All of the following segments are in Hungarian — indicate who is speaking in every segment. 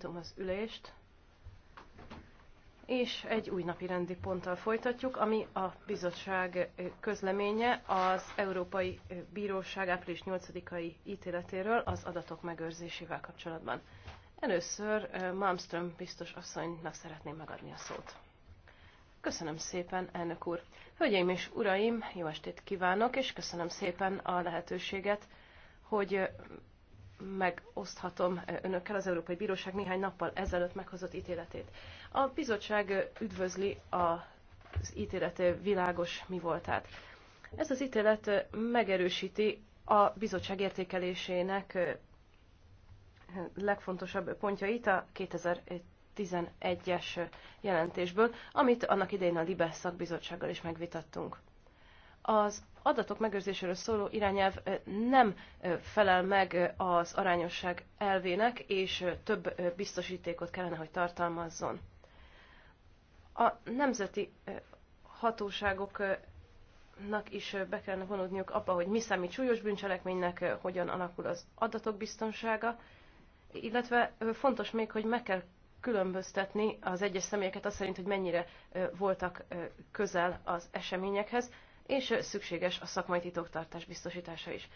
Speaker 1: Nyitom az ülést. És egy új napi rendi ponttal folytatjuk, ami a bizottság közleménye az Európai Bíróság április 8-ai ítéletéről az adatok megőrzésével kapcsolatban. Először Malmström biztos asszonynak szeretném megadni a szót. Köszönöm szépen, elnök úr. Hölgyeim és uraim, jó estét kívánok, és köszönöm szépen a lehetőséget, hogy megoszthatom eh, önökkel az Európai Bíróság néhány nappal ezelőtt meghozott ítéletét. A bizottság eh, üdvözli az ítélet eh, világos mi voltát. Ez az ítélet megerősíti a bizottság értékelésének legfontosabb pontjait a 2011-es jelentésből, amit annak idején a Libes szakbizottsággal is megvitattunk. Az adatok megőrzéséről szóló irányelv nem felel meg az arányosság elvének, és több biztosítékot kellene, hogy tartalmazzon. A nemzeti hatóságoknak is be kellene vonódniuk abba, hogy mi számít súlyos bűncselekménynek, hogyan alakul az adatok biztonsága, illetve fontos még, hogy meg kell különböztetni az egyes személyeket azt szerint, hogy mennyire voltak közel az eseményekhez, és szükséges a szakmai titoktartás biztosítása is.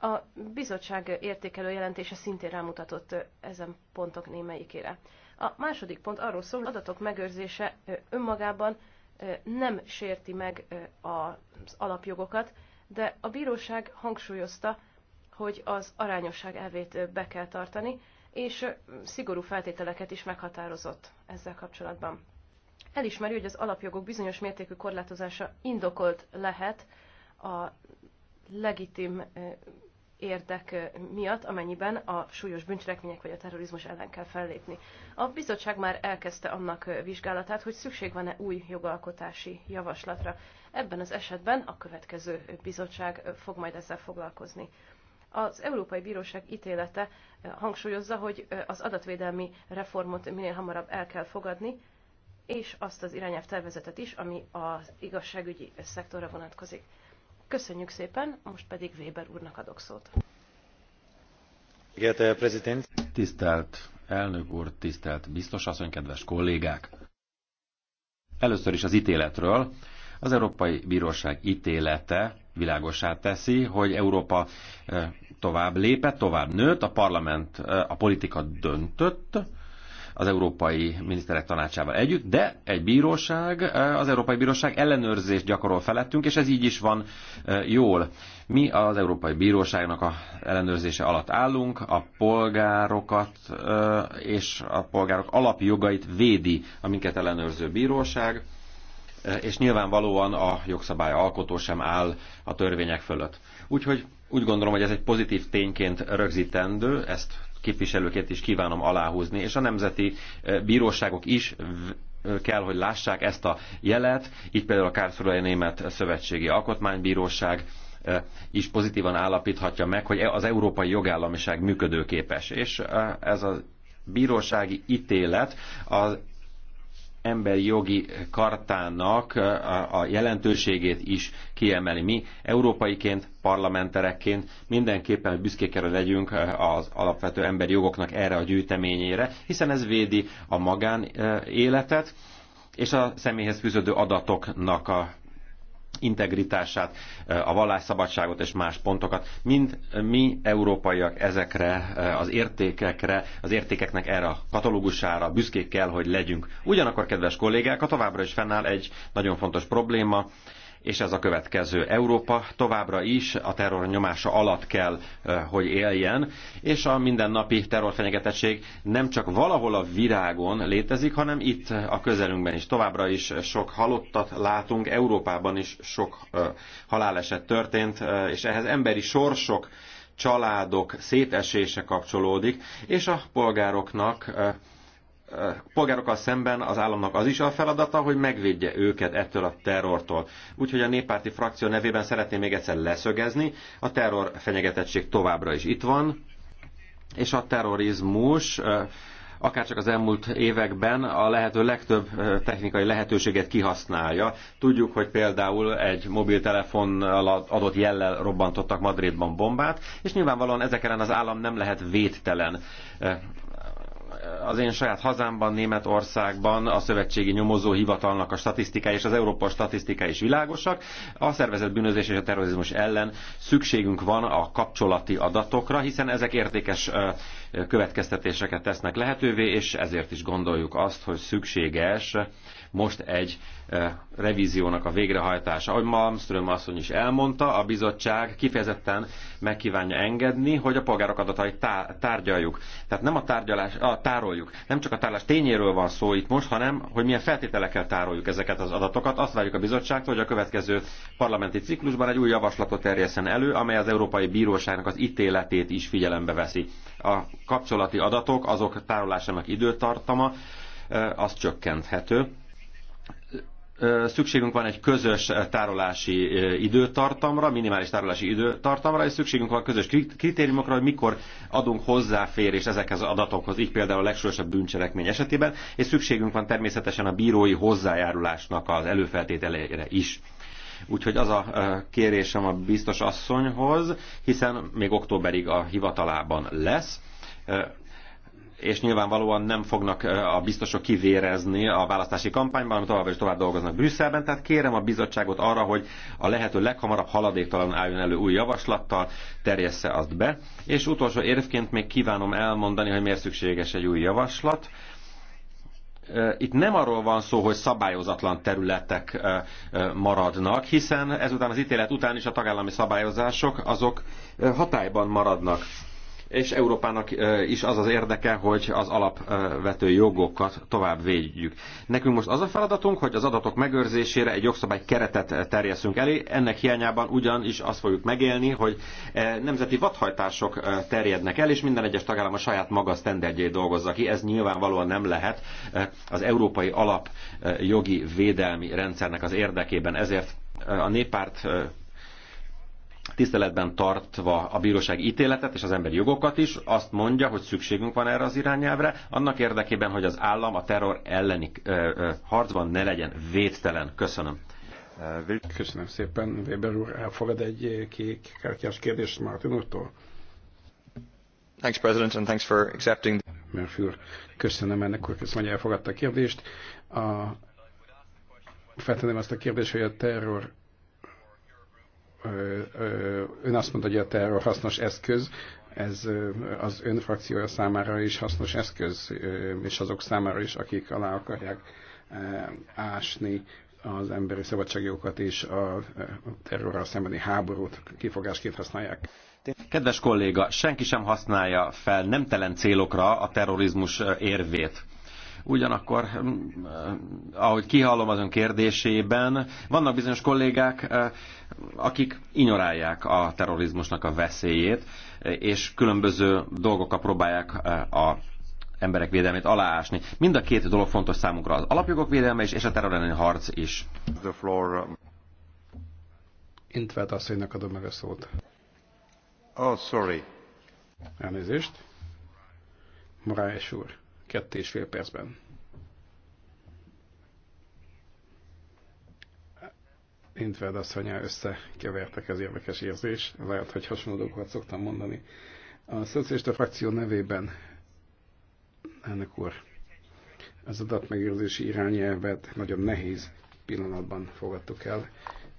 Speaker 1: A bizottság értékelő jelentése szintén rámutatott ezen pontok némelyikére. A második pont arról szól, hogy adatok megőrzése önmagában nem sérti meg az alapjogokat, de a bíróság hangsúlyozta, hogy az arányosság elvét be kell tartani, és szigorú feltételeket is meghatározott ezzel kapcsolatban elismeri, hogy az alapjogok bizonyos mértékű korlátozása indokolt lehet a legitim érdek miatt, amennyiben a súlyos bűncselekmények vagy a terrorizmus ellen kell fellépni. A bizottság már elkezdte annak vizsgálatát, hogy szükség van-e új jogalkotási javaslatra. Ebben az esetben a következő bizottság fog majd ezzel foglalkozni. Az Európai Bíróság ítélete hangsúlyozza, hogy az adatvédelmi reformot minél hamarabb el kell fogadni, és azt az irányelv tervezetet is, ami az igazságügyi szektorra vonatkozik. Köszönjük szépen, most pedig Weber úrnak adok szót.
Speaker 2: Tisztelt elnök úr, tisztelt biztos asszony, kedves kollégák! Először is az ítéletről. Az Európai Bíróság ítélete világosá teszi, hogy Európa eh, tovább lépett, tovább nőtt, a parlament, eh, a politika döntött, az Európai Miniszterek Tanácsával együtt, de egy bíróság, eh, az Európai Bíróság ellenőrzést gyakorol felettünk, és ez így is van eh, jól. Mi az Európai Bíróságnak a ellenőrzése alatt állunk, a polgárokat eh, és a polgárok alapjogait védi a minket ellenőrző bíróság, és nyilvánvalóan a jogszabály alkotó sem áll a törvények fölött. Úgyhogy úgy gondolom, hogy ez egy pozitív tényként rögzítendő, ezt képviselőket is kívánom aláhúzni, és a nemzeti eh, bíróságok is eh, kell, hogy lássák ezt a jelet. Így például a Kárszorai Német Szövetségi Alkotmánybíróság eh, is pozitívan állapíthatja meg, hogy e az európai jogállamiság működőképes. És ez a bírósági ítélet az emberi jogi kartának a jelentőségét is kiemeli. Mi európaiként, parlamenterekként mindenképpen büszkék kell legyünk eh, az alapvető emberi jogoknak erre a gyűjteményére, hiszen ez védi a magánéletet és a személyhez fűződő adatoknak a integritását, eh, a vallásszabadságot és más pontokat. Mind mi európaiak ezekre eh, az értékekre, az értékeknek erre a katalógusára büszkék kell, hogy legyünk. Ugyanakkor, kedves kollégák, a továbbra is fennáll egy nagyon fontos probléma, és ez a következő. Európa továbbra is a terror nyomása alatt kell, eh, hogy éljen, és a mindennapi terrorfenyegetettség nem csak valahol a virágon létezik, hanem itt a közelünkben is. Továbbra is sok halottat látunk, Európában is sok eh, haláleset történt, eh, és ehhez emberi sorsok, családok szétesése kapcsolódik, és a polgároknak polgárokkal szemben az államnak az is a feladata, hogy megvédje őket ettől a terrortól. Úgyhogy a néppárti frakció nevében szeretném még egyszer leszögezni, a terror fenyegetettség továbbra is itt van, és a terrorizmus akárcsak az elmúlt években a lehető legtöbb technikai lehetőséget kihasználja. Tudjuk, hogy például egy mobiltelefon adott jellel robbantottak Madridban bombát, és nyilvánvalóan ezek ellen az állam nem lehet védtelen az én saját hazámban, Németországban a szövetségi nyomozó hivatalnak a statisztikája és az Európa statisztika is világosak. A szervezett bűnözés és a terrorizmus ellen szükségünk van a kapcsolati adatokra, hiszen ezek értékes következtetéseket tesznek lehetővé, és ezért is gondoljuk azt, hogy szükséges most egy eh, revíziónak a végrehajtása. Ahogy Malmström asszony is elmondta, a bizottság kifejezetten megkívánja engedni, hogy a polgárok adatait tárgyaljuk. Tehát nem a tárgyalás, a tároljuk. Nem csak a tárolás tényéről van szó itt most, hanem hogy milyen feltételekkel tároljuk ezeket az adatokat. Azt várjuk a bizottságtól, hogy a következő parlamenti ciklusban egy új javaslatot terjeszen elő, amely az Európai Bíróságnak az ítéletét is figyelembe veszi. A kapcsolati adatok, azok tárolásának időtartama, eh, az csökkenthető szükségünk van egy közös tárolási időtartamra, minimális tárolási időtartamra, és szükségünk van közös kritériumokra, hogy mikor adunk hozzáférés ezekhez az adatokhoz, így például a legsúlyosabb bűncselekmény esetében, és szükségünk van természetesen a bírói hozzájárulásnak az előfeltételére is. Úgyhogy az a kérésem a biztos asszonyhoz, hiszen még októberig a hivatalában lesz, és nyilvánvalóan nem fognak a biztosok kivérezni a választási kampányban, hanem tovább és tovább dolgoznak Brüsszelben. Tehát kérem a bizottságot arra, hogy a lehető leghamarabb haladéktalan álljon elő új javaslattal, terjessze azt be. És utolsó érvként még kívánom elmondani, hogy miért szükséges egy új javaslat itt nem arról van szó, hogy szabályozatlan területek maradnak, hiszen ezután az ítélet után is a tagállami szabályozások azok hatályban maradnak és Európának is az az érdeke, hogy az alapvető jogokat tovább védjük. Nekünk most az a feladatunk, hogy az adatok megőrzésére egy jogszabály keretet terjeszünk elé, ennek hiányában ugyanis azt fogjuk megélni, hogy nemzeti vadhajtások terjednek el, és minden egyes tagállam a saját maga sztenderdjét dolgozza ki. Ez nyilvánvalóan nem lehet az európai alapjogi védelmi rendszernek az érdekében. Ezért a néppárt tiszteletben tartva a bíróság ítéletet és az emberi jogokat is, azt mondja, hogy szükségünk van erre az irányelvre, annak érdekében, hogy az állam a terror elleni ö, ö, harcban ne legyen védtelen. Köszönöm. Köszönöm
Speaker 3: szépen. Weber úr, elfogad egy kék kártyás kérdést Martin úrtól? Thanks, President, and thanks for accepting. Murphy úr, köszönöm ennek úr, köszönöm, hogy elfogadta a kérdést. A, feltenném azt a kérdést, hogy a terror ön azt mondta, hogy a terror hasznos eszköz, ez az ön frakciója számára is hasznos eszköz, és azok számára is, akik alá akarják ásni az emberi szabadságjogokat és a terrorral szembeni háborút kifogásként használják.
Speaker 2: Kedves kolléga, senki sem használja fel nemtelen célokra a terrorizmus érvét Ugyanakkor, mm, eh, ahogy kihallom azon kérdésében, vannak bizonyos kollégák, eh, akik ignorálják a terrorizmusnak a veszélyét, eh, és különböző dolgokkal próbálják a emberek védelmét aláásni. Mind a két dolog fontos számunkra, az alapjogok védelme is, és a terror harc is. The floor. Um,
Speaker 3: Intvert asszonynak adom meg a szót. Oh, sorry. Elnézést. Moráes úr kettő és fél percben. Intved asszonya összekevertek, ez érdekes érzés. Lehet, hogy hasonlókat szoktam mondani. A szocialista frakció nevében, ennek úr, az adatmegőrzési irányelvet nagyon nehéz pillanatban fogadtuk el,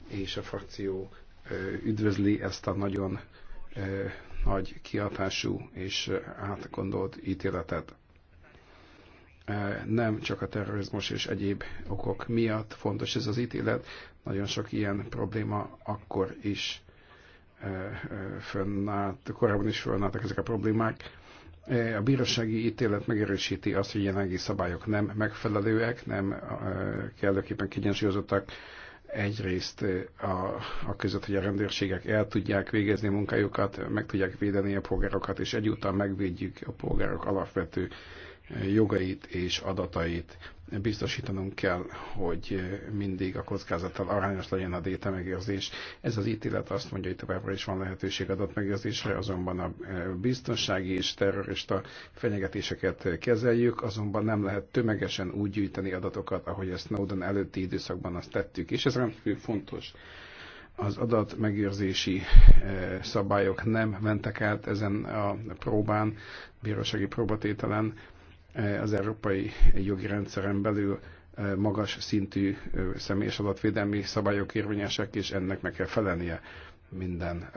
Speaker 3: és a frakció üdvözli ezt a nagyon nagy kiadású és átgondolt ítéletet nem csak a terrorizmus és egyéb okok miatt fontos ez az ítélet, nagyon sok ilyen probléma akkor is fönnállt, korábban is fönnálltak ezek a problémák. A bírósági ítélet megerősíti azt, hogy jelenlegi szabályok nem megfelelőek, nem kellőképpen kiegyensúlyozottak egyrészt a, a között, hogy a rendőrségek el tudják végezni a munkájukat, meg tudják védeni a polgárokat, és egyúttal megvédjük a polgárok alapvető jogait és adatait. Biztosítanunk kell, hogy mindig a kockázattal arányos legyen a déta megérzés. Ez az ítélet azt mondja, hogy továbbra is van lehetőség adott megérzésre, azonban a e, biztonsági és terrorista fenyegetéseket kezeljük, azonban nem lehet tömegesen úgy gyűjteni adatokat, ahogy ezt Snowden előtti időszakban azt tettük, és ez rendkívül fontos az adatmegőrzési e, szabályok nem mentek át ezen a próbán, bírósági próbatételen, az európai jogi rendszeren belül magas szintű személyes adatvédelmi szabályok érvényesek, és ennek meg kell felelnie minden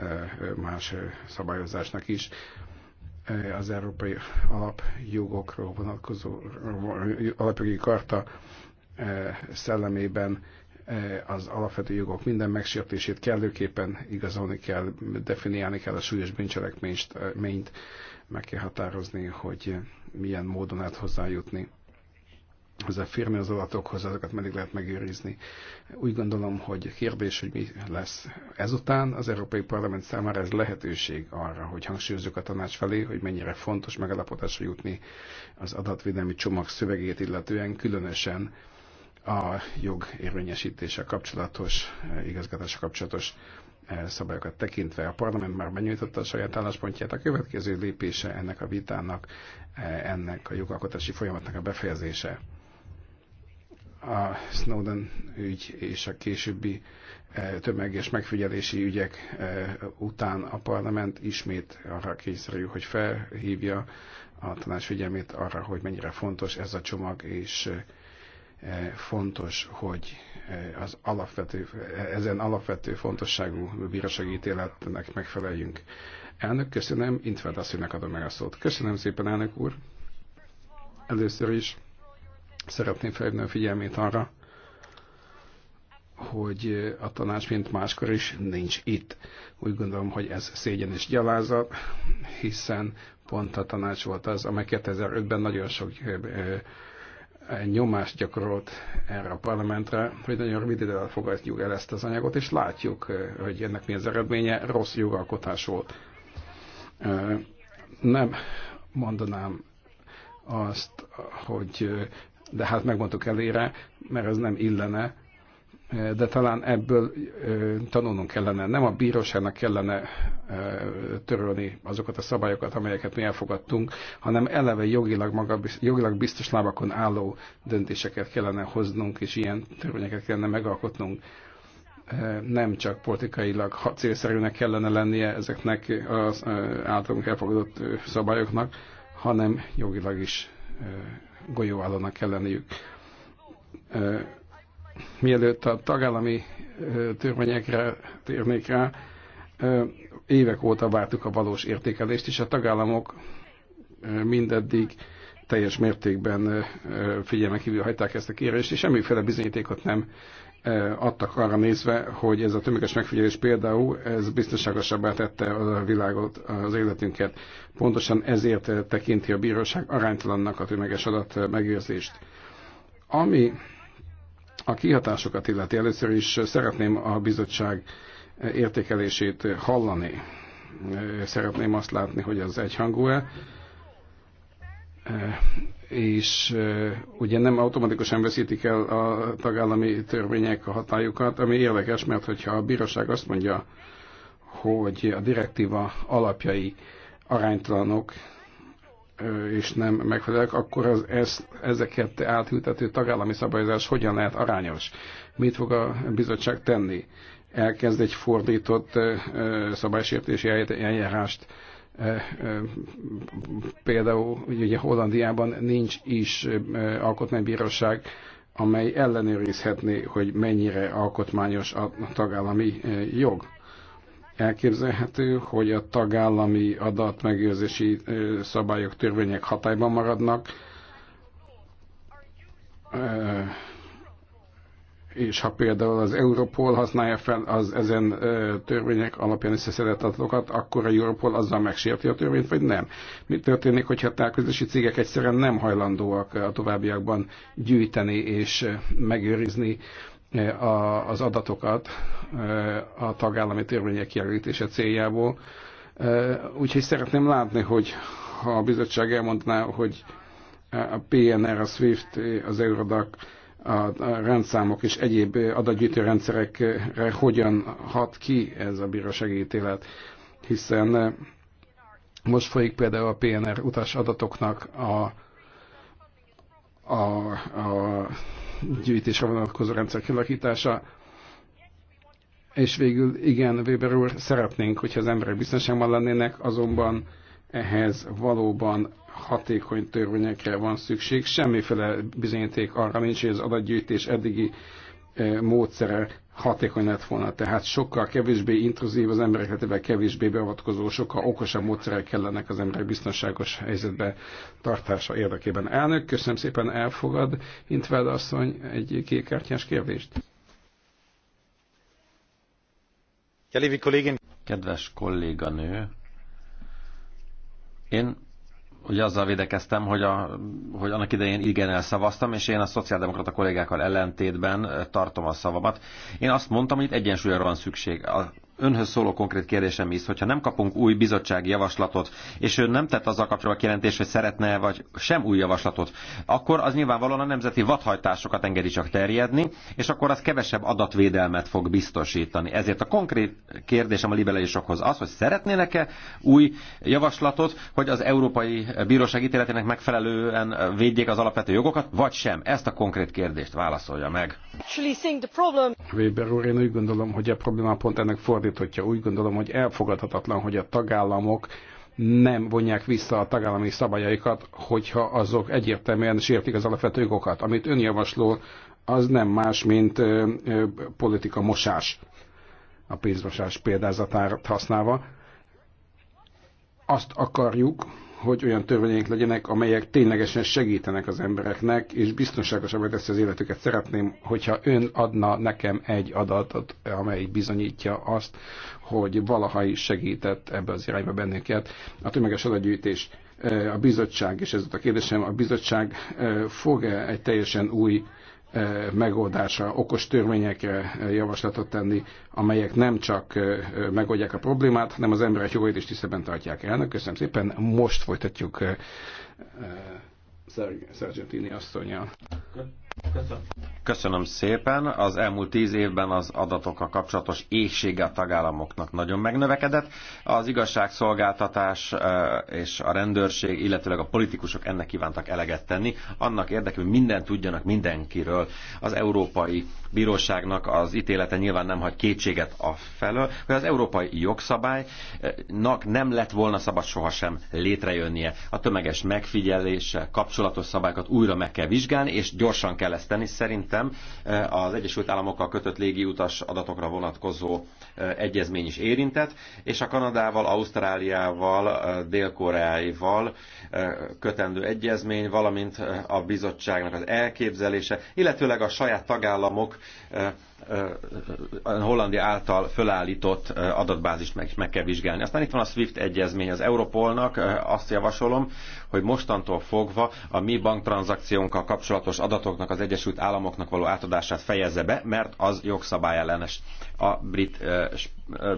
Speaker 3: más szabályozásnak is. Az Európai Alapjogokról vonatkozó alapjogi karta szellemében az alapvető jogok minden megsértését kellőképpen igazolni kell, definiálni kell a súlyos bűncselekményt, meg kell határozni, hogy milyen módon lehet hozzájutni hozzáférni az adatokhoz, azokat meddig lehet megőrizni. Úgy gondolom, hogy kérdés, hogy mi lesz ezután, az Európai Parlament számára ez lehetőség arra, hogy hangsúlyozzuk a tanács felé, hogy mennyire fontos megalapotásra jutni az adatvédelmi csomag szövegét, illetően különösen a jog érvényesítése kapcsolatos, eh, igazgatása kapcsolatos E, szabályokat tekintve a parlament már benyújtotta a saját álláspontját. A következő lépése ennek a vitának, e, ennek a jogalkotási folyamatnak a befejezése. A Snowden ügy és a későbbi e, tömeges megfigyelési ügyek után a parlament ismét arra kényszerül, hogy felhívja a tanács figyelmét arra, hogy mennyire fontos ez a csomag, és Eh, fontos, hogy eh, az alapvető, eh, ezen alapvető fontosságú bírósági ítéletnek megfeleljünk. Elnök, köszönöm, Intved asszonynak adom meg a szót. Köszönöm szépen, elnök úr. Először is szeretném felhívni a figyelmét arra, hogy a tanács, mint máskor is, nincs itt. Úgy gondolom, hogy ez szégyen és gyalázat, hiszen pont a tanács volt az, amely 2005-ben nagyon sok nyomást gyakorolt erre a parlamentre, hogy nagyon rövid idővel fogadjuk el ezt az anyagot, és látjuk, eh, hogy ennek mi az eredménye, rossz jogalkotás volt. Eh, nem mondanám azt, hogy eh, de hát megmondtuk elére, mert ez nem illene de talán ebből tanulnunk kellene. Nem a bíróságnak kellene törölni azokat a szabályokat, amelyeket mi elfogadtunk, hanem eleve jogilag, maga, jogilag biztos lábakon álló döntéseket kellene hoznunk, és ilyen törvényeket kellene megalkotnunk. Nem csak politikailag célszerűnek kellene lennie ezeknek az általunk elfogadott szabályoknak, hanem jogilag is golyóállónak kell lenniük mielőtt a tagállami törvényekre térnék rá, évek óta vártuk a valós értékelést, és a tagállamok mindeddig teljes mértékben figyelmen kívül hagyták ezt a kérést, és semmiféle bizonyítékot nem adtak arra nézve, hogy ez a tömeges megfigyelés például, ez biztonságosabbá tette a világot, az életünket. Pontosan ezért tekinti a bíróság aránytalannak a tömeges adat megőrzést. Ami a kihatásokat illeti először is szeretném a bizottság értékelését hallani. Szeretném azt látni, hogy az egyhangú-e, és e, ugye nem automatikusan veszítik el a tagállami törvények a hatályukat, ami érdekes, mert hogyha a bíróság azt mondja, hogy a direktíva alapjai aránytalanok, és nem megfelelők, akkor az ez, ezeket átültető tagállami szabályozás hogyan lehet arányos? Mit fog a bizottság tenni? Elkezd egy fordított szabálysértési eljárást, például ugye Hollandiában nincs is alkotmánybíróság, amely ellenőrizhetné, hogy mennyire alkotmányos a tagállami jog elképzelhető, hogy a tagállami adatmegőrzési szabályok, törvények hatályban maradnak, és ha például az Europol használja fel az ezen törvények alapján összeszedett adatokat, akkor a Europol azzal megsérti a törvényt, vagy nem? Mi történik, hogyha távközlési cégek egyszerűen nem hajlandóak a továbbiakban gyűjteni és megőrizni az adatokat a tagállami törvények kielégítése céljából. Úgyhogy szeretném látni, hogy ha a bizottság elmondaná, hogy a PNR, a SWIFT, az Eurodac, a rendszámok és egyéb adatgyűjtő rendszerekre hogyan hat ki ez a bíróságítélet, hiszen most folyik például a PNR utas adatoknak a, a, a gyűjtésre vonatkozó rendszer kialakítása. És végül, igen, Weber úr, szeretnénk, hogyha az emberek biztonságban lennének, azonban ehhez valóban hatékony törvényekre van szükség. Semmiféle bizonyíték arra nincs, hogy az adatgyűjtés eddigi eh, módszere hatékony lett volna. Tehát sokkal kevésbé intruzív az emberek, tehát kevésbé beavatkozó, sokkal okosabb módszerek kellenek az emberek biztonságos helyzetbe tartása érdekében. Elnök, köszönöm szépen, elfogad Intveld asszony egy kékkártyás kérdést.
Speaker 2: Kedves kolléganő, én hogy azzal védekeztem, hogy, a, hogy annak idején igen elszavaztam, és én a szociáldemokrata kollégákkal ellentétben tartom a szavamat. Én azt mondtam, hogy itt egyensúlyra van szükség. A önhöz szóló konkrét kérdésem is, hogyha nem kapunk új bizottsági javaslatot, és ön nem tett azzal kapcsolatban kérdés, hogy szeretne vagy sem új javaslatot, akkor az nyilvánvalóan a nemzeti vadhajtásokat engedi csak terjedni, és akkor az kevesebb adatvédelmet fog biztosítani. Ezért a konkrét kérdésem a liberálisokhoz az, hogy szeretnének-e új javaslatot, hogy az Európai Bíróság ítéletének megfelelően védjék az alapvető jogokat, vagy sem. Ezt a konkrét kérdést válaszolja meg. Weber úr,
Speaker 3: én úgy gondolom, hogy a probléma pont ennek fordít fordítotja. Úgy gondolom, hogy elfogadhatatlan, hogy a tagállamok nem vonják vissza a tagállami szabályaikat, hogyha azok egyértelműen sértik az alapvető jogokat. Amit ön javasló, az nem más, mint ö, ö, politika mosás, a pénzmosás példázatát használva. Azt akarjuk, hogy olyan törvények legyenek, amelyek ténylegesen segítenek az embereknek, és biztonságosabbá teszi az életüket. Szeretném, hogyha ön adna nekem egy adatot, amely bizonyítja azt, hogy valaha is segített ebbe az irányba bennünket. A tömeges adatgyűjtés, eh, a bizottság, és ez a kérdésem, a bizottság eh, fog -e egy teljesen új megoldása, okos törvényekre javaslatot tenni, amelyek nem csak megoldják a problémát, hanem az emberek jogait is tisztában tartják. el. köszönöm szépen. Most folytatjuk Sargentini
Speaker 2: asszonyjal. Köszönöm. szépen. Az elmúlt tíz évben az adatokkal kapcsolatos éhsége a tagállamoknak nagyon megnövekedett. Az igazságszolgáltatás és a rendőrség, illetőleg a politikusok ennek kívántak eleget tenni, annak érdekében, hogy mindent tudjanak mindenkiről. Az Európai Bíróságnak az ítélete nyilván nem hagy kétséget a felől, hogy az európai jogszabálynak nem lett volna szabad sohasem létrejönnie. A tömeges megfigyelése, kapcsolatos szabályokat újra meg kell vizsgálni, és gyorsan kell ezt tenni. Szerintem eh, az Egyesült Államokkal kötött légiutas adatokra vonatkozó eh, egyezmény is érintett, és a Kanadával, Ausztráliával, eh, Dél-Koreáival kötendő egyezmény, valamint a bizottságnak az elképzelése, illetőleg a saját tagállamok Hollandia által fölállított adatbázist meg, meg kell vizsgálni. Aztán itt van a SWIFT egyezmény az Europolnak, azt javasolom, hogy mostantól fogva a mi banktranzakciónkkal kapcsolatos adatoknak az Egyesült Államoknak való átadását fejezze be, mert az jogszabályellenes. A brit,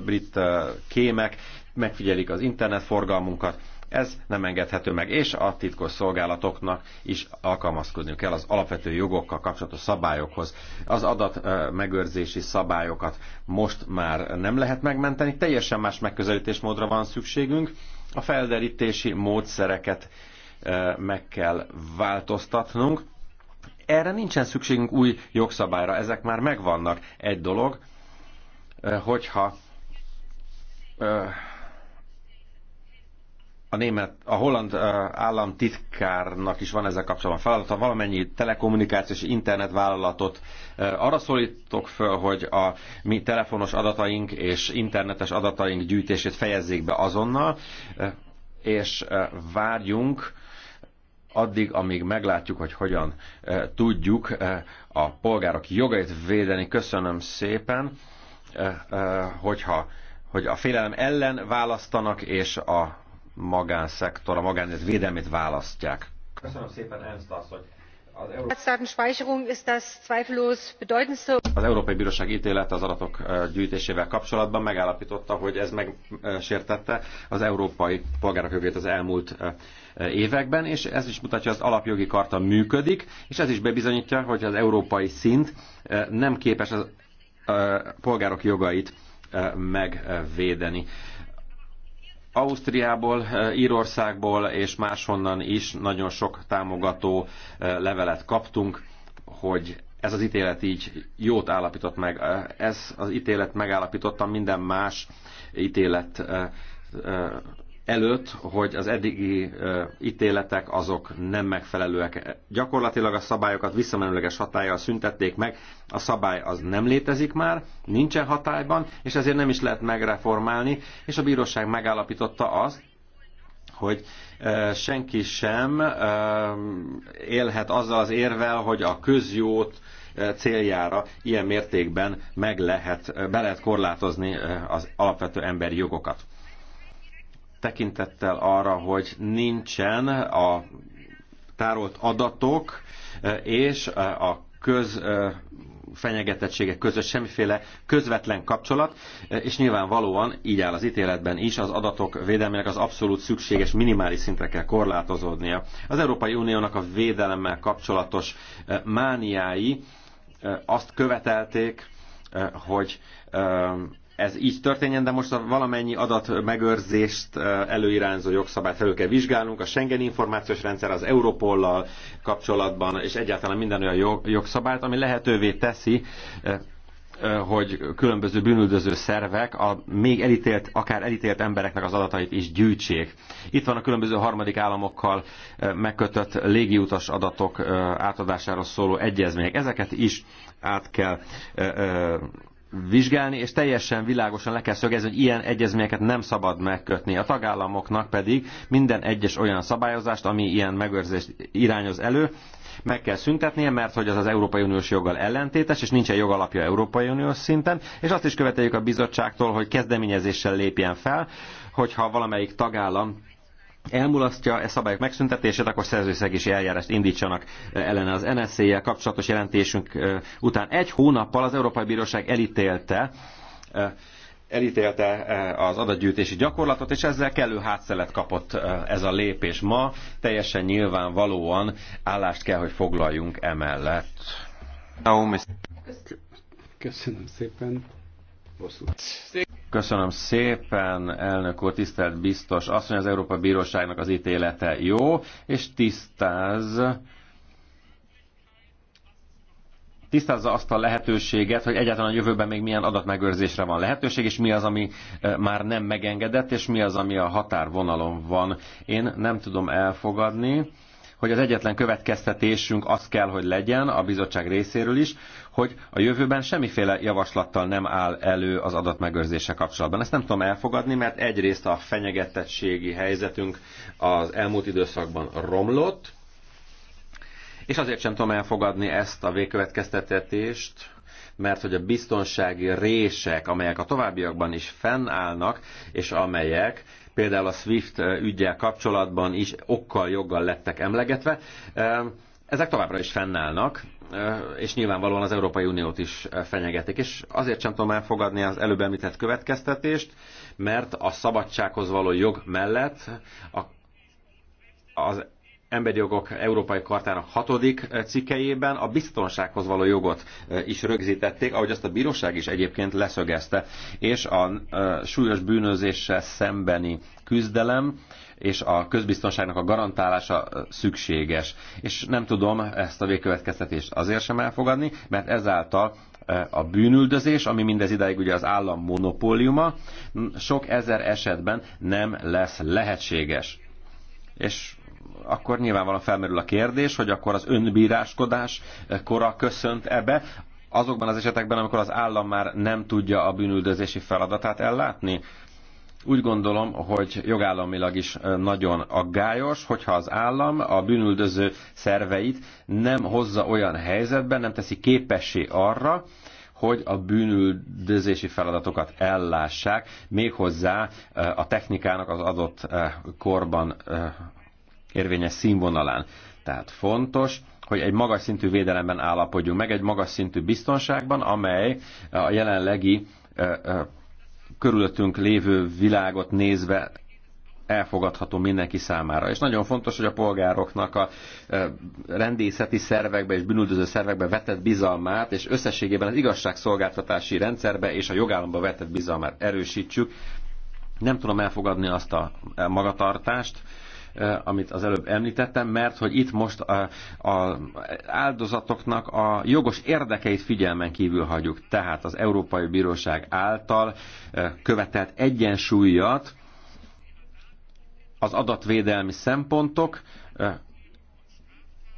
Speaker 2: brit kémek megfigyelik az internetforgalmunkat, ez nem engedhető meg, és a titkos szolgálatoknak is alkalmazkodniuk kell az alapvető jogokkal kapcsolatos szabályokhoz. Az adat megőrzési szabályokat most már nem lehet megmenteni, teljesen más megközelítésmódra van szükségünk. A felderítési módszereket meg kell változtatnunk. Erre nincsen szükségünk új jogszabályra, ezek már megvannak. Egy dolog, hogyha a német, a holland államtitkárnak is van ezzel kapcsolatban feladata, valamennyi telekommunikációs internetvállalatot arra szólítok föl, hogy a mi telefonos adataink és internetes adataink gyűjtését fejezzék be azonnal, és várjunk addig, amíg meglátjuk, hogy hogyan tudjuk a polgárok jogait védeni. Köszönöm szépen, hogyha hogy a félelem ellen választanak, és a magánszektor, a magánélet védelmét választják. Köszönöm szépen, Ernst asszony. Az Európai Bíróság ítélet az adatok gyűjtésével kapcsolatban megállapította, hogy ez megsértette az európai polgárok jogét az elmúlt években, és ez is mutatja, hogy az alapjogi karta működik, és ez is bebizonyítja, hogy az európai szint nem képes a polgárok jogait megvédeni. Ausztriából, eh, Írországból és máshonnan is nagyon sok támogató eh, levelet kaptunk, hogy ez az ítélet így jót állapított meg. Eh, ez az ítélet megállapította minden más ítélet előtt, hogy az eddigi ítéletek azok nem megfelelőek. Gyakorlatilag a szabályokat visszamenőleges hatállyal szüntették meg, a szabály az nem létezik már, nincsen hatályban, és ezért nem is lehet megreformálni, és a bíróság megállapította azt, hogy senki sem élhet azzal az érvel, hogy a közjót céljára ilyen mértékben meg lehet, be lehet korlátozni az alapvető emberi jogokat tekintettel arra, hogy nincsen a tárolt adatok eh, és eh, a köz eh, fenyegetettségek között semmiféle közvetlen kapcsolat, és nyilvánvalóan így áll az ítéletben is, az adatok védelmének az abszolút szükséges minimális szintre kell korlátozódnia. Az Európai Uniónak a védelemmel kapcsolatos mániái azt követelték, hogy ez így történjen, de most a valamennyi adat megőrzést előirányzó jogszabályt felül kell vizsgálnunk. A Schengen információs rendszer az Europollal kapcsolatban, és egyáltalán minden olyan jogszabályt, ami lehetővé teszi hogy különböző bűnüldöző szervek a még elítélt, akár elítélt embereknek az adatait is gyűjtsék. Itt van a különböző harmadik államokkal megkötött légiutas adatok átadásáról szóló egyezmények. Ezeket is át kell vizsgálni, és teljesen világosan le kell szögezni, hogy ilyen egyezményeket nem szabad megkötni. A tagállamoknak pedig minden egyes olyan szabályozást, ami ilyen megőrzést irányoz elő, meg kell szüntetnie, mert hogy az az Európai Uniós joggal ellentétes, és nincsen jogalapja Európai Uniós szinten, és azt is követeljük a bizottságtól, hogy kezdeményezéssel lépjen fel, hogyha valamelyik tagállam elmulasztja e szabályok megszüntetését, akkor szerzőszegési eljárást indítsanak e, ellene az NSZ-jel kapcsolatos jelentésünk e, után. Egy hónappal az Európai Bíróság elítélte e, elítélte az adatgyűjtési gyakorlatot, és ezzel kellő hátszelet kapott ez a lépés. Ma teljesen nyilvánvalóan állást kell, hogy foglaljunk emellett.
Speaker 3: Köszönöm szépen.
Speaker 2: Köszönöm szépen, elnök úr, tisztelt biztos. Azt mondja, az Európa Bíróságnak az ítélete jó, és tisztáz tisztázza azt a lehetőséget, hogy egyáltalán a jövőben még milyen adatmegőrzésre van lehetőség, és mi az, ami e, már nem megengedett, és mi az, ami a határvonalon van. Én nem tudom elfogadni, hogy az egyetlen következtetésünk az kell, hogy legyen a bizottság részéről is, hogy a jövőben semmiféle javaslattal nem áll elő az adatmegőrzése kapcsolatban. Ezt nem tudom elfogadni, mert egyrészt a fenyegetettségi helyzetünk az elmúlt időszakban romlott, és azért sem tudom elfogadni ezt a végkövetkeztetést, mert hogy a biztonsági rések, amelyek a továbbiakban is fennállnak, és amelyek például a SWIFT ügyel kapcsolatban is okkal-joggal lettek emlegetve, ezek továbbra is fennállnak, és nyilvánvalóan az Európai Uniót is fenyegetik. És azért sem tudom elfogadni az előbb említett következtetést, mert a szabadsághoz való jog mellett a, az emberi jogok Európai Kartának hatodik eh, cikkejében a biztonsághoz való jogot eh, is rögzítették, ahogy azt a bíróság is egyébként leszögezte, és a eh, súlyos bűnözéssel szembeni küzdelem és a közbiztonságnak a garantálása szükséges. És nem tudom ezt a végkövetkeztetést azért sem elfogadni, mert ezáltal a bűnüldözés, ami mindez ideig ugye az állam monopóliuma, sok ezer esetben nem lesz lehetséges. És akkor nyilvánvalóan felmerül a kérdés, hogy akkor az önbíráskodás eh, kora köszönt ebbe, azokban az esetekben, amikor az állam már nem tudja a bűnüldözési feladatát ellátni? Úgy gondolom, hogy jogállamilag is eh, nagyon aggályos, hogyha az állam a bűnüldöző szerveit nem hozza olyan helyzetben, nem teszi képessé arra, hogy a bűnüldözési feladatokat ellássák, méghozzá eh, a technikának az adott korban érvényes színvonalán. Tehát fontos, hogy egy magas szintű védelemben állapodjunk meg, egy magas szintű biztonságban, amely a jelenlegi ö, ö, körülöttünk lévő világot nézve elfogadható mindenki számára. És nagyon fontos, hogy a polgároknak a rendészeti szervekbe és bűnüldöző szervekbe vetett bizalmát, és összességében az igazságszolgáltatási rendszerbe és a jogállamba vetett bizalmát erősítsük. Nem tudom elfogadni azt a magatartást, amit az előbb említettem, mert hogy itt most az áldozatoknak a jogos érdekeit figyelmen kívül hagyjuk. Tehát az Európai Bíróság által követelt egyensúlyat az adatvédelmi szempontok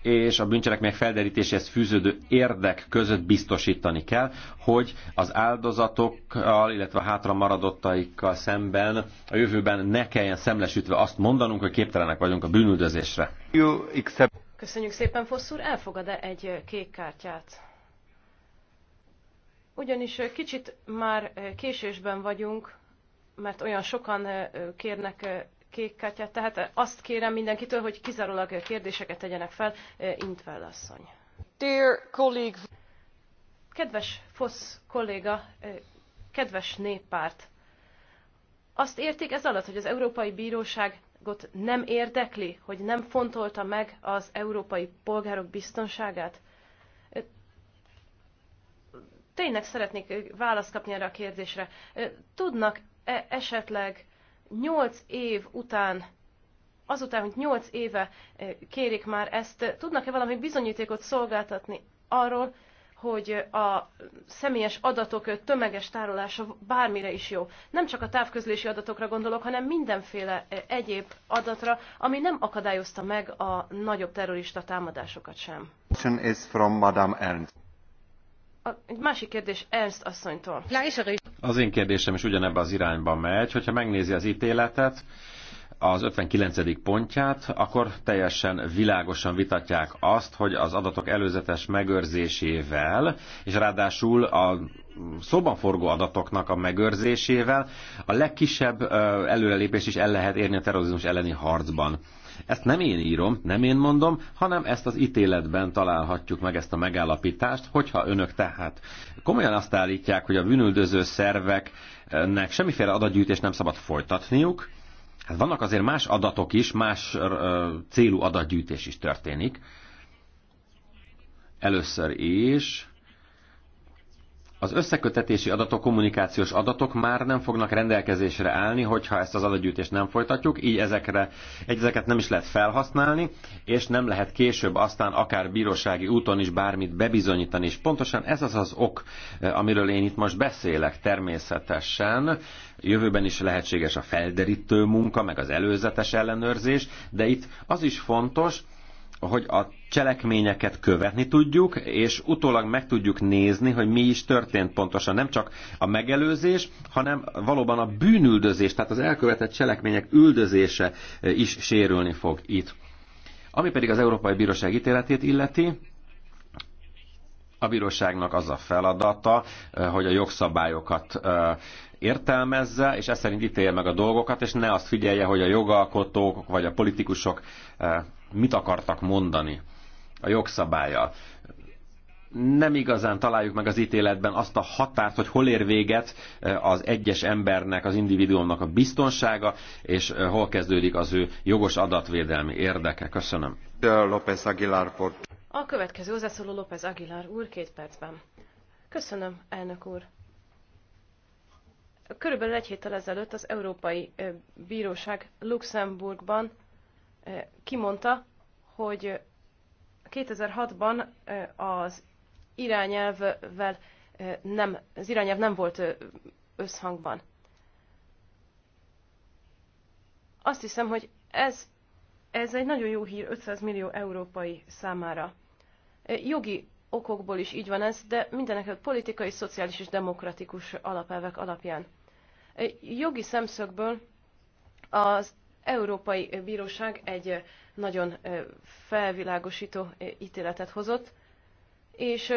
Speaker 2: és a bűncselekmények felderítéséhez fűződő érdek között biztosítani kell, hogy az áldozatokkal, illetve a hátra maradottaikkal szemben a jövőben ne kelljen szemlesütve azt mondanunk, hogy képtelenek vagyunk a bűnüldözésre.
Speaker 1: Köszönjük szépen, Fosszúr. Elfogad-e egy kék kártyát? Ugyanis kicsit már késésben vagyunk, mert olyan sokan kérnek kék kártyát, tehát azt kérem mindenkitől, hogy kizárólag kérdéseket tegyenek fel. Eh, Intvell asszony. Dear colleague. Kedves Fosz kolléga, eh, kedves néppárt, azt értik ez alatt, hogy az Európai Bíróságot nem érdekli, hogy nem fontolta meg az európai polgárok biztonságát? Eh, tényleg szeretnék választ kapni erre a kérdésre. Tudnak -e esetleg 8 év után, azután, hogy 8 éve eh, kérik már ezt, tudnak-e valami bizonyítékot szolgáltatni arról, hogy eh, a személyes adatok eh, tömeges tárolása bármire is jó. Nem csak a távközlési adatokra gondolok, hanem mindenféle egyéb adatra, ami nem akadályozta meg a nagyobb terrorista támadásokat sem.
Speaker 2: Is from Madame Ernst.
Speaker 1: A, egy másik kérdés Ernst asszonytól.
Speaker 2: Az én kérdésem is ugyanebbe az irányba megy, hogyha megnézi az ítéletet, az 59. pontját, akkor teljesen világosan vitatják azt, hogy az adatok előzetes megőrzésével, és ráadásul a szóban forgó adatoknak a megőrzésével a legkisebb előrelépés is el lehet érni a terrorizmus elleni harcban. Ezt nem én írom, nem én mondom, hanem ezt az ítéletben találhatjuk meg ezt a megállapítást, hogyha önök tehát komolyan azt állítják, hogy a bűnüldöző szerveknek semmiféle adatgyűjtés nem szabad folytatniuk, Hát vannak azért más adatok is, más ö, célú adatgyűjtés is történik. Először is az összekötetési adatok, kommunikációs adatok már nem fognak rendelkezésre állni, hogyha ezt az adatgyűjtést nem folytatjuk, így ezekre, ezeket nem is lehet felhasználni, és nem lehet később aztán akár bírósági úton is bármit bebizonyítani. És pontosan ez az az ok, eh, amiről én itt most beszélek természetesen. Jövőben is lehetséges a felderítő munka, meg az előzetes ellenőrzés, de itt az is fontos, hogy a cselekményeket követni tudjuk, és utólag meg tudjuk nézni, hogy mi is történt pontosan. Nem csak a megelőzés, hanem valóban a bűnüldözés, tehát az elkövetett cselekmények üldözése e, is sérülni fog itt. Ami pedig az Európai Bíróság ítéletét illeti, a bíróságnak az a feladata, e, hogy a jogszabályokat e, értelmezze, és ezt szerint ítélje meg a dolgokat, és ne azt figyelje, hogy a jogalkotók vagy a politikusok mit akartak mondani a jogszabályjal. Nem igazán találjuk meg az ítéletben azt a határt, hogy hol ér véget eh, az egyes embernek, az individuumnak a biztonsága, és eh, hol kezdődik az ő jogos adatvédelmi érdeke. Köszönöm. López Aguilar port.
Speaker 1: A következő hozzászóló López Aguilar úr két percben. Köszönöm, elnök úr. Körülbelül egy héttel ezelőtt az Európai eh, Bíróság Luxemburgban kimondta, hogy 2006-ban az irányelvvel nem, az irányelv nem volt összhangban. Azt hiszem, hogy ez, ez egy nagyon jó hír 500 millió európai számára. Jogi okokból is így van ez, de mindenek politikai, szociális és demokratikus alapelvek alapján. Jogi szemszögből az Európai Bíróság egy nagyon felvilágosító ítéletet hozott, és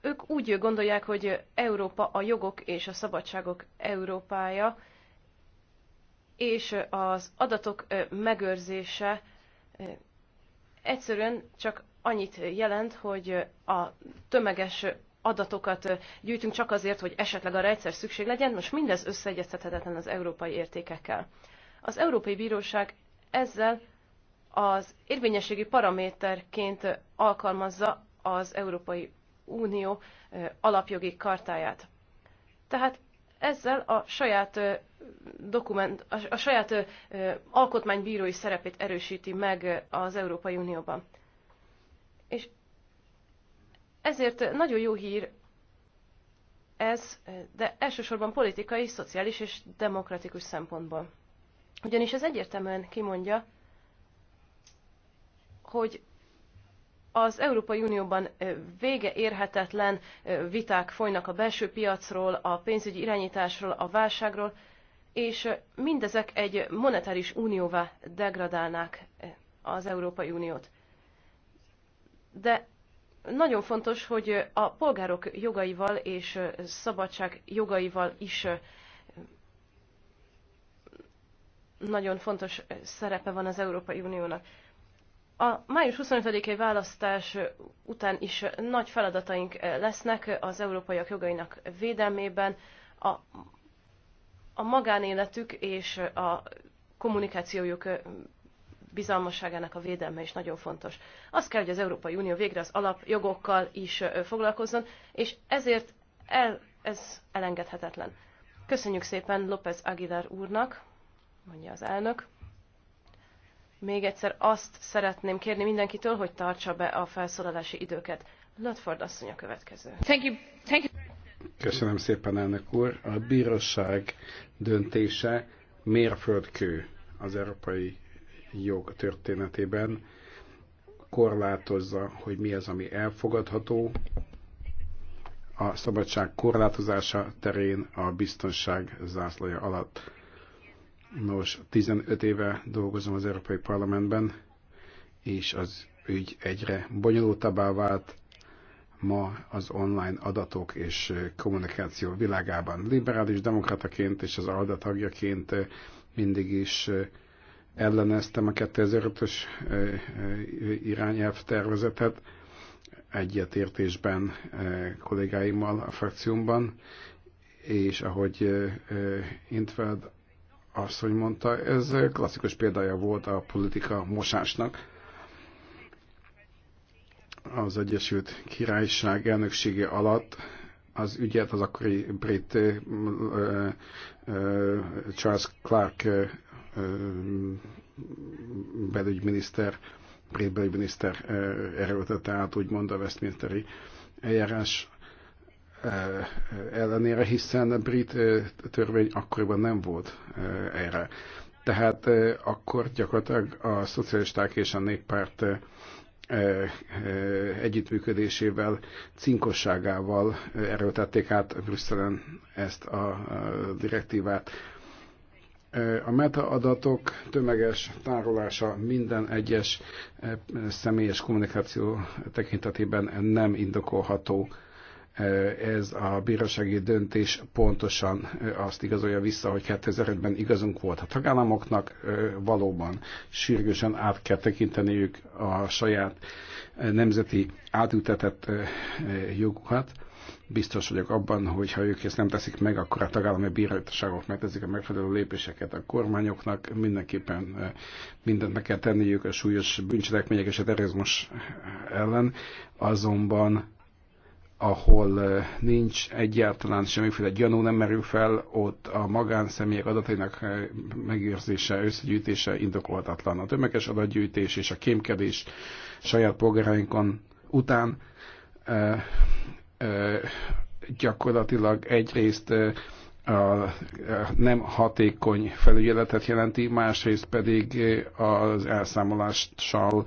Speaker 1: ők úgy gondolják, hogy Európa a jogok és a szabadságok Európája, és az adatok megőrzése egyszerűen csak annyit jelent, hogy a tömeges adatokat gyűjtünk csak azért, hogy esetleg arra egyszer szükség legyen, most mindez összeegyeztethetetlen az európai értékekkel. Az Európai Bíróság ezzel az érvényességi paraméterként alkalmazza az Európai Unió alapjogi kartáját. Tehát ezzel a saját, dokument, a saját alkotmánybírói szerepét erősíti meg az Európai Unióban. És ezért nagyon jó hír ez, de elsősorban politikai, szociális és demokratikus szempontból. Ugyanis ez egyértelműen kimondja, hogy az Európai Unióban vége érhetetlen viták folynak a belső piacról, a pénzügyi irányításról, a válságról, és mindezek egy monetáris unióvá degradálnák az Európai Uniót. De nagyon fontos, hogy a polgárok jogaival és szabadság jogaival is nagyon fontos szerepe van az Európai Uniónak. A május 25-i választás után is nagy feladataink lesznek az európaiak jogainak védelmében, a, a magánéletük és a kommunikációjuk bizalmasságának a védelme is nagyon fontos. Az kell, hogy az Európai Unió végre az alapjogokkal is foglalkozzon, és ezért el, ez elengedhetetlen. Köszönjük szépen López Aguilar úrnak! mondja az elnök. Még egyszer azt szeretném kérni mindenkitől, hogy tartsa be a felszólalási időket. Ludford asszony a következő. Thank you. Thank you.
Speaker 3: Köszönöm szépen, elnök úr. A bíróság döntése mérföldkő az európai jog történetében korlátozza, hogy mi az, ami elfogadható, a szabadság korlátozása terén a biztonság zászlaja alatt Nos, 15 éve dolgozom az Európai Parlamentben, és az ügy egyre bonyolultabbá vált ma az online adatok és kommunikáció világában. Liberális demokrataként és az ALDA tagjaként mindig is elleneztem a 2005-ös irányelv tervezetet egyetértésben kollégáimmal a frakciómban, és ahogy Intved asszony mondta, ez klasszikus példája volt a politika mosásnak. Az Egyesült Királyság elnöksége alatt az ügyet az akkori brit Charles Clark belügyminiszter, brit belügyminiszter erőltette át, úgymond a Westminsteri eljárás ellenére, hiszen a brit törvény akkoriban nem volt erre. Tehát akkor gyakorlatilag a szocialisták és a néppárt együttműködésével, cinkosságával erőltették át Brüsszelen ezt a direktívát. A metaadatok tömeges tárolása minden egyes személyes kommunikáció tekintetében nem indokolható ez a bírósági döntés pontosan azt igazolja vissza, hogy 2005-ben igazunk volt. A tagállamoknak valóban sürgősen át kell tekinteniük a saját nemzeti átültetett jogukat. Biztos vagyok abban, hogy ha ők ezt nem teszik meg, akkor a tagállami bíróságok megteszik a megfelelő lépéseket a kormányoknak. Mindenképpen mindent meg kell tenniük a súlyos bűncselekmények és a terrorizmus ellen, azonban ahol eh, nincs egyáltalán semmiféle gyanú nem merül fel, ott a magánszemélyek adatainak eh, megőrzése, összegyűjtése indokolhatatlan. A tömeges adatgyűjtés és a kémkedés saját polgárainkon után eh, gyakorlatilag egyrészt a nem hatékony felügyeletet jelenti, másrészt pedig az elszámolással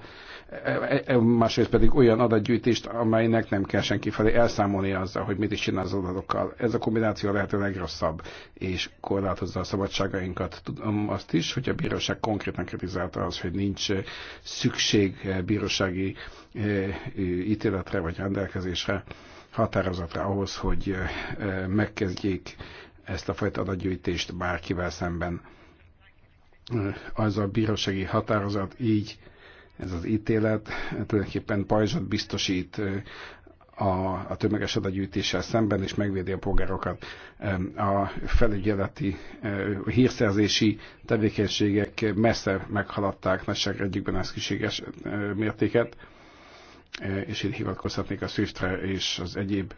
Speaker 3: másrészt pedig olyan adatgyűjtést, amelynek nem kell senki felé elszámolni azzal, hogy mit is csinál az adatokkal. Ez a kombináció lehető legrosszabb, és korlátozza a szabadságainkat. Tudom azt is, hogy a bíróság konkrétan kritizálta az, hogy nincs szükség bírósági eh, ítéletre vagy rendelkezésre, határozatra ahhoz, hogy eh, megkezdjék ezt a fajta adatgyűjtést bárkivel szemben. Eh, az a bírósági határozat így ez az ítélet tulajdonképpen pajzsot biztosít a, a tömeges adagyűjtéssel szemben, és megvédi a polgárokat. A felügyeleti, a hírszerzési tevékenységek messze meghaladták nagyságrendjükben az kiséges mértéket, és itt hivatkozhatnék a swift és az egyéb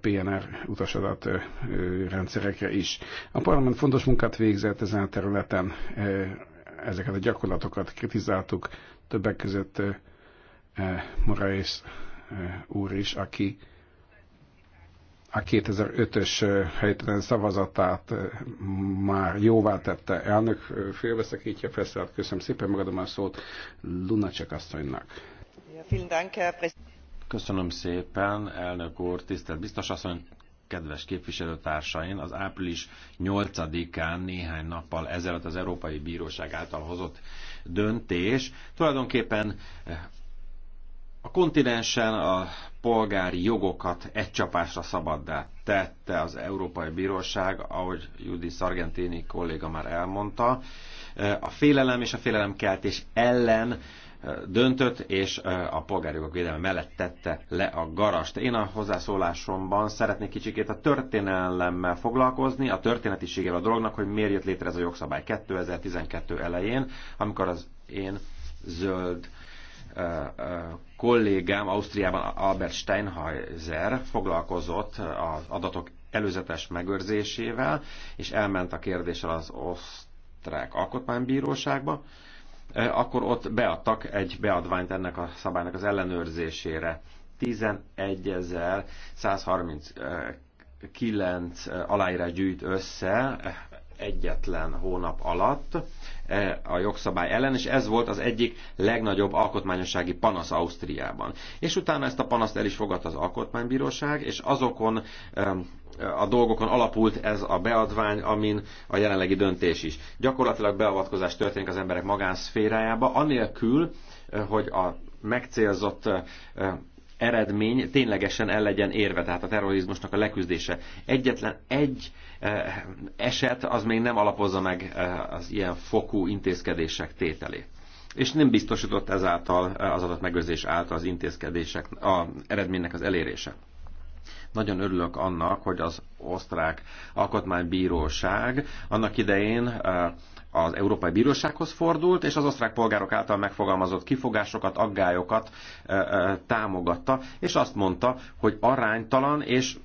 Speaker 3: PNR utasadat rendszerekre is. A parlament fontos munkát végzett ezen a területen, ezeket a gyakorlatokat kritizáltuk, Többek között Moraes úr is, aki a 2005-ös helytelen szavazatát már jóvá tette. Elnök félbeszakítja Feszelt. Köszönöm
Speaker 2: szépen, megadom a szót Lunacek asszonynak. Köszönöm szépen, elnök úr, tisztelt biztos asszony, kedves képviselőtársain, az április 8-án néhány nappal ezelőtt az Európai Bíróság által hozott döntés tulajdonképpen eh, a kontinensen a polgári jogokat egy csapásra szabaddá tette az Európai Bíróság, ahogy Judi Sargentini kolléga már elmondta. Eh, a félelem és a félelemkeltés ellen döntött, és a polgárjogok védelme mellett tette le a garast. Én a hozzászólásomban szeretnék kicsikét a történelemmel foglalkozni, a történetiségével a dolognak, hogy miért jött létre ez a jogszabály 2012 elején, amikor az én zöld kollégám Ausztriában Albert Steinheiser foglalkozott az adatok előzetes megőrzésével, és elment a kérdéssel az osztrák alkotmánybíróságba, Eh, akkor ott beadtak egy beadványt ennek a szabálynak az ellenőrzésére. 11.139 eh, aláírás gyűjt össze eh, egyetlen hónap alatt a jogszabály ellen, és ez volt az egyik legnagyobb alkotmányossági panasz Ausztriában. És utána ezt a panaszt el is fogadta az alkotmánybíróság, és azokon a dolgokon alapult ez a beadvány, amin a jelenlegi döntés is. Gyakorlatilag beavatkozás történik az emberek magánszférájába, anélkül, hogy a megcélzott eredmény ténylegesen el legyen érve, tehát a terrorizmusnak a leküzdése. Egyetlen egy eset az még nem alapozza meg az ilyen fokú intézkedések tételét és nem biztosított ezáltal az adatmegőrzés által az intézkedések a eredménynek az elérése. Nagyon örülök annak, hogy az osztrák alkotmánybíróság annak idején eh, az Európai Bírósághoz fordult, és az osztrák polgárok által megfogalmazott kifogásokat, aggályokat eh, eh, támogatta, és azt mondta, hogy aránytalan és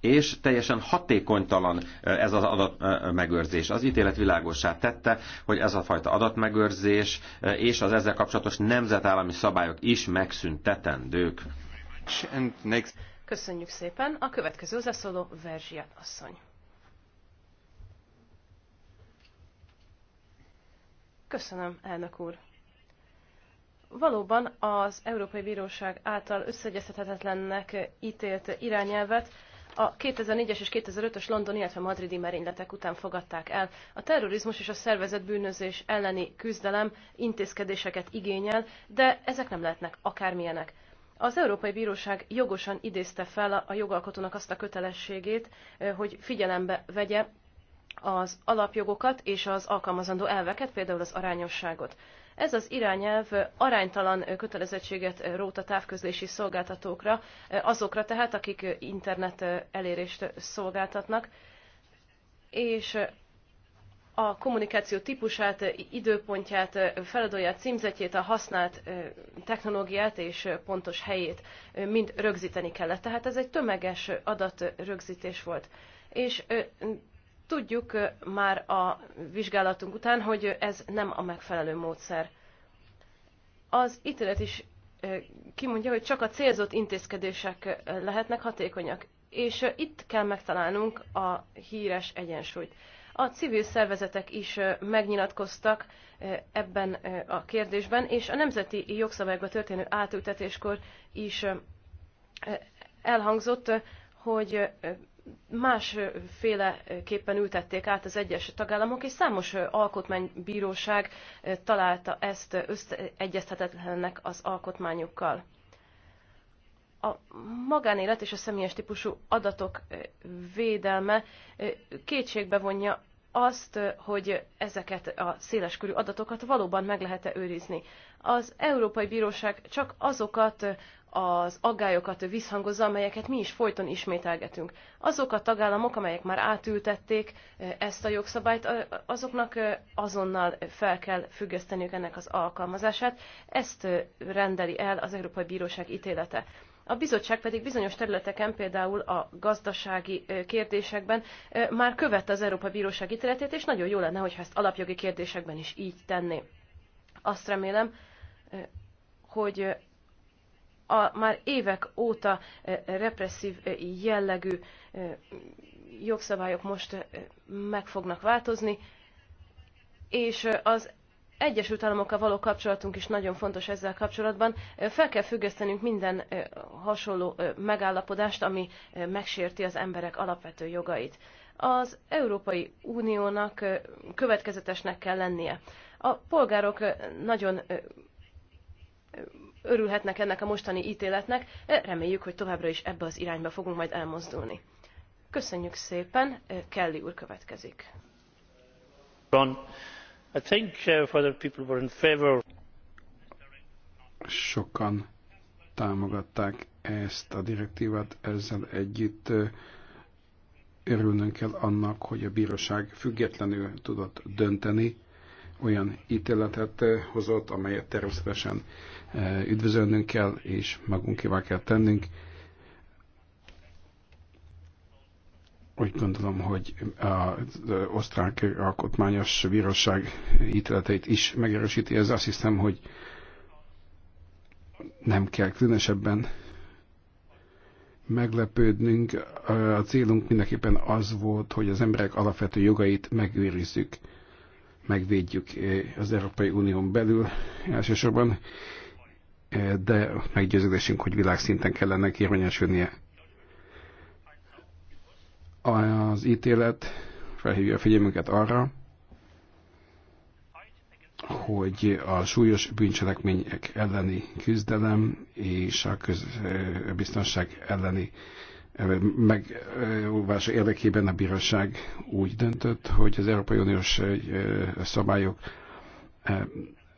Speaker 2: és teljesen hatékonytalan ez az adatmegőrzés. Az ítélet világosá tette, hogy ez a fajta adatmegőrzés és az ezzel kapcsolatos nemzetállami szabályok is megszüntetendők.
Speaker 1: Köszönjük szépen. A következő hozzászóló Verzsiat asszony. Köszönöm, elnök úr. Valóban az Európai Bíróság által összeegyeztethetetlennek ítélt irányelvet a 2004-es és 2005-ös London, illetve madridi merényletek után fogadták el. A terrorizmus és a szervezett bűnözés elleni küzdelem intézkedéseket igényel, de ezek nem lehetnek akármilyenek. Az Európai Bíróság jogosan idézte fel a jogalkotónak azt a kötelességét, hogy figyelembe vegye az alapjogokat és az alkalmazandó elveket, például az arányosságot. Ez az irányelv aránytalan kötelezettséget rót a távközlési szolgáltatókra, azokra tehát, akik internet elérést szolgáltatnak, és a kommunikáció típusát, időpontját, feladóját, címzetjét, a használt technológiát és pontos helyét mind rögzíteni kellett. Tehát ez egy tömeges adatrögzítés volt. És tudjuk már a vizsgálatunk után, hogy ez nem a megfelelő módszer. Az ítélet is kimondja, hogy csak a célzott intézkedések lehetnek hatékonyak, és itt kell megtalálnunk a híres egyensúlyt. A civil szervezetek is megnyilatkoztak ebben a kérdésben, és a nemzeti jogszabályokba történő átültetéskor is elhangzott, hogy másféleképpen ültették át az egyes tagállamok, és számos alkotmánybíróság találta ezt összeegyeztetetlennek az alkotmányukkal a magánélet és a személyes típusú adatok védelme kétségbe vonja azt, hogy ezeket a széleskörű adatokat valóban meg lehet-e őrizni. Az Európai Bíróság csak azokat az aggályokat visszhangozza, amelyeket mi is folyton ismételgetünk. Azok a tagállamok, amelyek már átültették ezt a jogszabályt, azoknak azonnal fel kell függeszteniük ennek az alkalmazását. Ezt rendeli el az Európai Bíróság ítélete. A bizottság pedig bizonyos területeken, például a gazdasági kérdésekben már követte az Európai Bíróság ítéletét, és nagyon jó lenne, hogyha ezt alapjogi kérdésekben is így tenné. Azt remélem, hogy a már évek óta represszív jellegű jogszabályok most meg fognak változni, és az Egyesült Államokkal való kapcsolatunk is nagyon fontos ezzel kapcsolatban. Fel kell függesztenünk minden hasonló megállapodást, ami megsérti az emberek alapvető jogait. Az Európai Uniónak következetesnek kell lennie. A polgárok nagyon örülhetnek ennek a mostani ítéletnek, reméljük, hogy továbbra is ebbe az irányba fogunk majd elmozdulni. Köszönjük szépen, Kelly úr következik
Speaker 3: i think whether uh, people were in favor sokan támogatták ezt a direktívát, ezzel együtt uh, örülnünk kell annak, hogy a bíróság függetlenül tudott dönteni, olyan ítéletet uh, hozott, amelyet természetesen üdvözölnünk kell, és magunkévá kell tennünk. Úgy gondolom, hogy az osztrák alkotmányos bíróság ítéleteit is megerősíti. Ez azt hiszem, hogy nem kell különösebben meglepődnünk. A célunk mindenképpen az volt, hogy az emberek alapvető jogait megőrizzük, megvédjük az Európai Unión belül elsősorban, de meggyőződésünk, hogy világszinten kellene érvényesülnie az ítélet felhívja a figyelmünket arra, hogy a súlyos bűncselekmények elleni küzdelem és a közbiztonság elleni megolvása érdekében a bíróság úgy döntött, hogy az Európai Uniós szabályok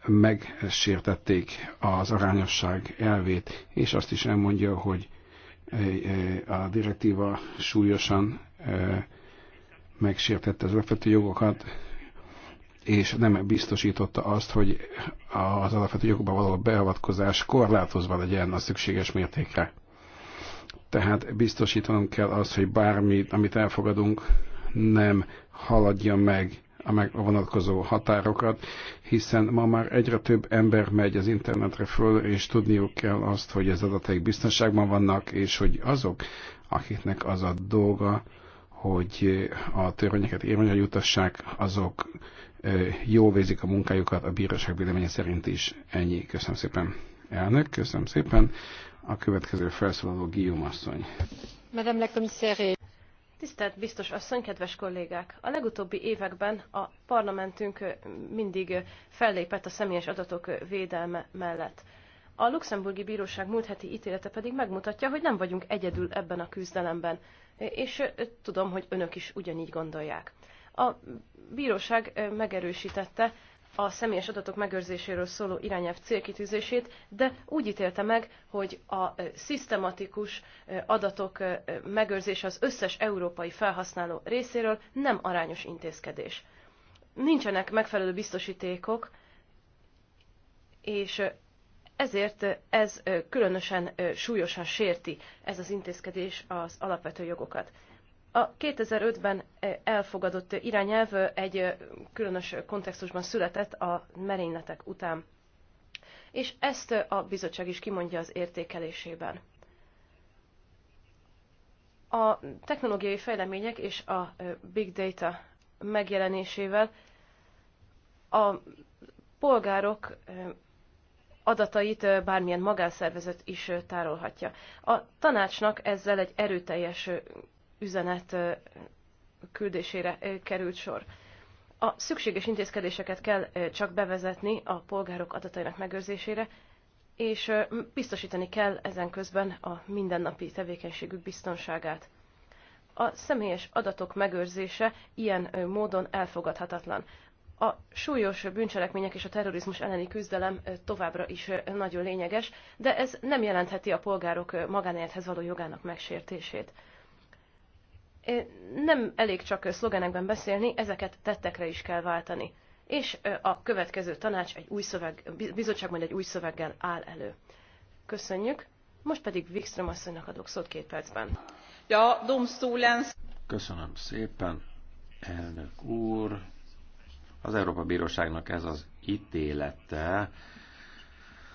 Speaker 3: megsértették az arányosság elvét, és azt is elmondja, hogy a direktíva súlyosan Eh, megsértette az alapvető jogokat, és nem biztosította azt, hogy az alapvető jogokba való beavatkozás korlátozva legyen a szükséges mértékre. Tehát biztosítanunk kell azt, hogy bármi, amit elfogadunk, nem haladja meg a, meg a vonatkozó határokat, hiszen ma már egyre több ember megy az internetre föl, és tudniuk kell azt, hogy az adataik biztonságban vannak, és hogy azok, akiknek az a dolga, hogy a törvényeket érvényre jutassák, azok jól végzik a munkájukat, a bíróság véleménye szerint is ennyi. Köszönöm szépen, elnök, köszönöm szépen. A következő felszólaló Guillaume asszony.
Speaker 1: Madame la commissaire. Tisztelt biztos asszony, kedves kollégák! A legutóbbi években a parlamentünk mindig fellépett a személyes adatok védelme mellett. A luxemburgi bíróság múlt heti ítélete pedig megmutatja, hogy nem vagyunk egyedül ebben a küzdelemben és tudom, hogy önök is ugyanígy gondolják. A bíróság megerősítette a személyes adatok megőrzéséről szóló irányelv célkitűzését, de úgy ítélte meg, hogy a szisztematikus adatok megőrzése az összes európai felhasználó részéről nem arányos intézkedés. Nincsenek megfelelő biztosítékok, és ezért ez különösen súlyosan sérti ez az intézkedés az alapvető jogokat. A 2005-ben elfogadott irányelv egy különös kontextusban született a merényletek után. És ezt a bizottság is kimondja az értékelésében. A technológiai fejlemények és a big data megjelenésével a polgárok adatait bármilyen magánszervezet is tárolhatja. A tanácsnak ezzel egy erőteljes üzenet küldésére került sor. A szükséges intézkedéseket kell csak bevezetni a polgárok adatainak megőrzésére, és biztosítani kell ezen közben a mindennapi tevékenységük biztonságát. A személyes adatok megőrzése ilyen módon elfogadhatatlan. A súlyos bűncselekmények és a terrorizmus elleni küzdelem továbbra is nagyon lényeges, de ez nem jelentheti a polgárok magánélethez való jogának megsértését. Nem elég csak szlogenekben beszélni, ezeket tettekre is kell váltani. És a következő tanács egy új szöveg, bizottság majd egy új szöveggel áll elő. Köszönjük. Most pedig Wikström asszonynak adok szót két percben. Ja, domstolens.
Speaker 2: Köszönöm szépen, elnök úr, az Európa Bíróságnak ez az ítélete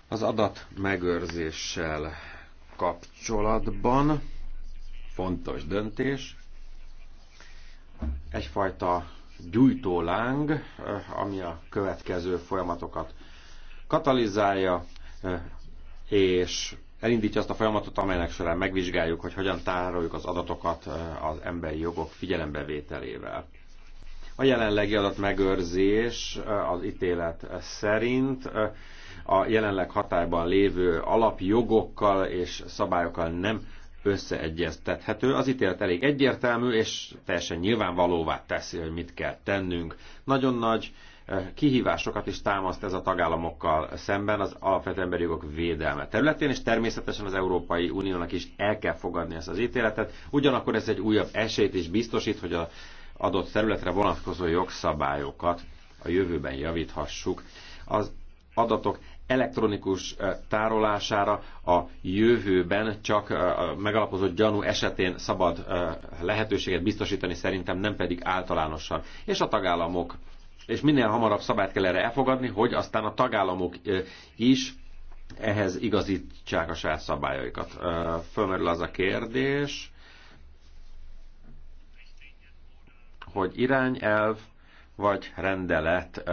Speaker 2: az adat megőrzéssel kapcsolatban fontos döntés. Egyfajta gyújtóláng, ami a következő folyamatokat katalizálja, és elindítja azt a folyamatot, amelynek során megvizsgáljuk, hogy hogyan tároljuk az adatokat az emberi jogok figyelembevételével. A jelenlegi adatmegőrzés az ítélet szerint a jelenleg hatályban lévő alapjogokkal és szabályokkal nem összeegyeztethető. Az ítélet elég egyértelmű, és teljesen nyilvánvalóvá teszi, hogy mit kell tennünk. Nagyon nagy kihívásokat is támaszt ez a tagállamokkal szemben az alapvető emberi jogok védelme területén, és természetesen az Európai Uniónak is el kell fogadni ezt az ítéletet. Ugyanakkor ez egy újabb esélyt is biztosít, hogy a adott területre vonatkozó jogszabályokat a jövőben javíthassuk. Az adatok elektronikus tárolására a jövőben csak a megalapozott gyanú esetén szabad lehetőséget biztosítani szerintem, nem pedig általánosan. És a tagállamok, és minél hamarabb szabályt kell erre elfogadni, hogy aztán a tagállamok is ehhez igazítsák a saját szabályaikat. Fölmerül az a kérdés, hogy irányelv vagy rendelet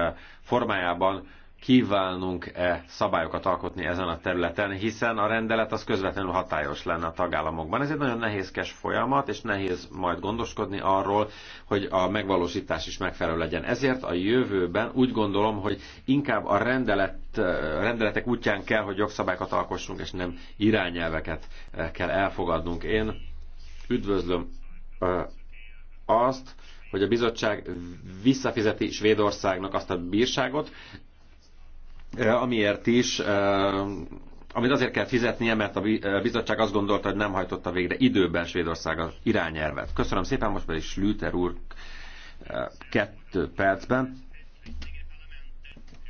Speaker 2: formájában kívánunk-e szabályokat alkotni ezen a területen, hiszen a rendelet az közvetlenül hatályos lenne a tagállamokban. Ez egy nagyon nehézkes folyamat, és nehéz majd gondoskodni arról, hogy a megvalósítás is megfelelő legyen. Ezért a jövőben úgy gondolom, hogy inkább a rendelet, rendeletek útján kell, hogy jogszabályokat alkossunk, és nem irányelveket kell elfogadnunk. Én üdvözlöm azt, hogy a bizottság visszafizeti Svédországnak azt a bírságot, eh, amiért is eh, amit azért kell fizetnie, mert a eh, bizottság azt gondolta, hogy nem hajtotta végre időben Svédország az irányelvet. Köszönöm szépen, most pedig Slüter úr kettő percben.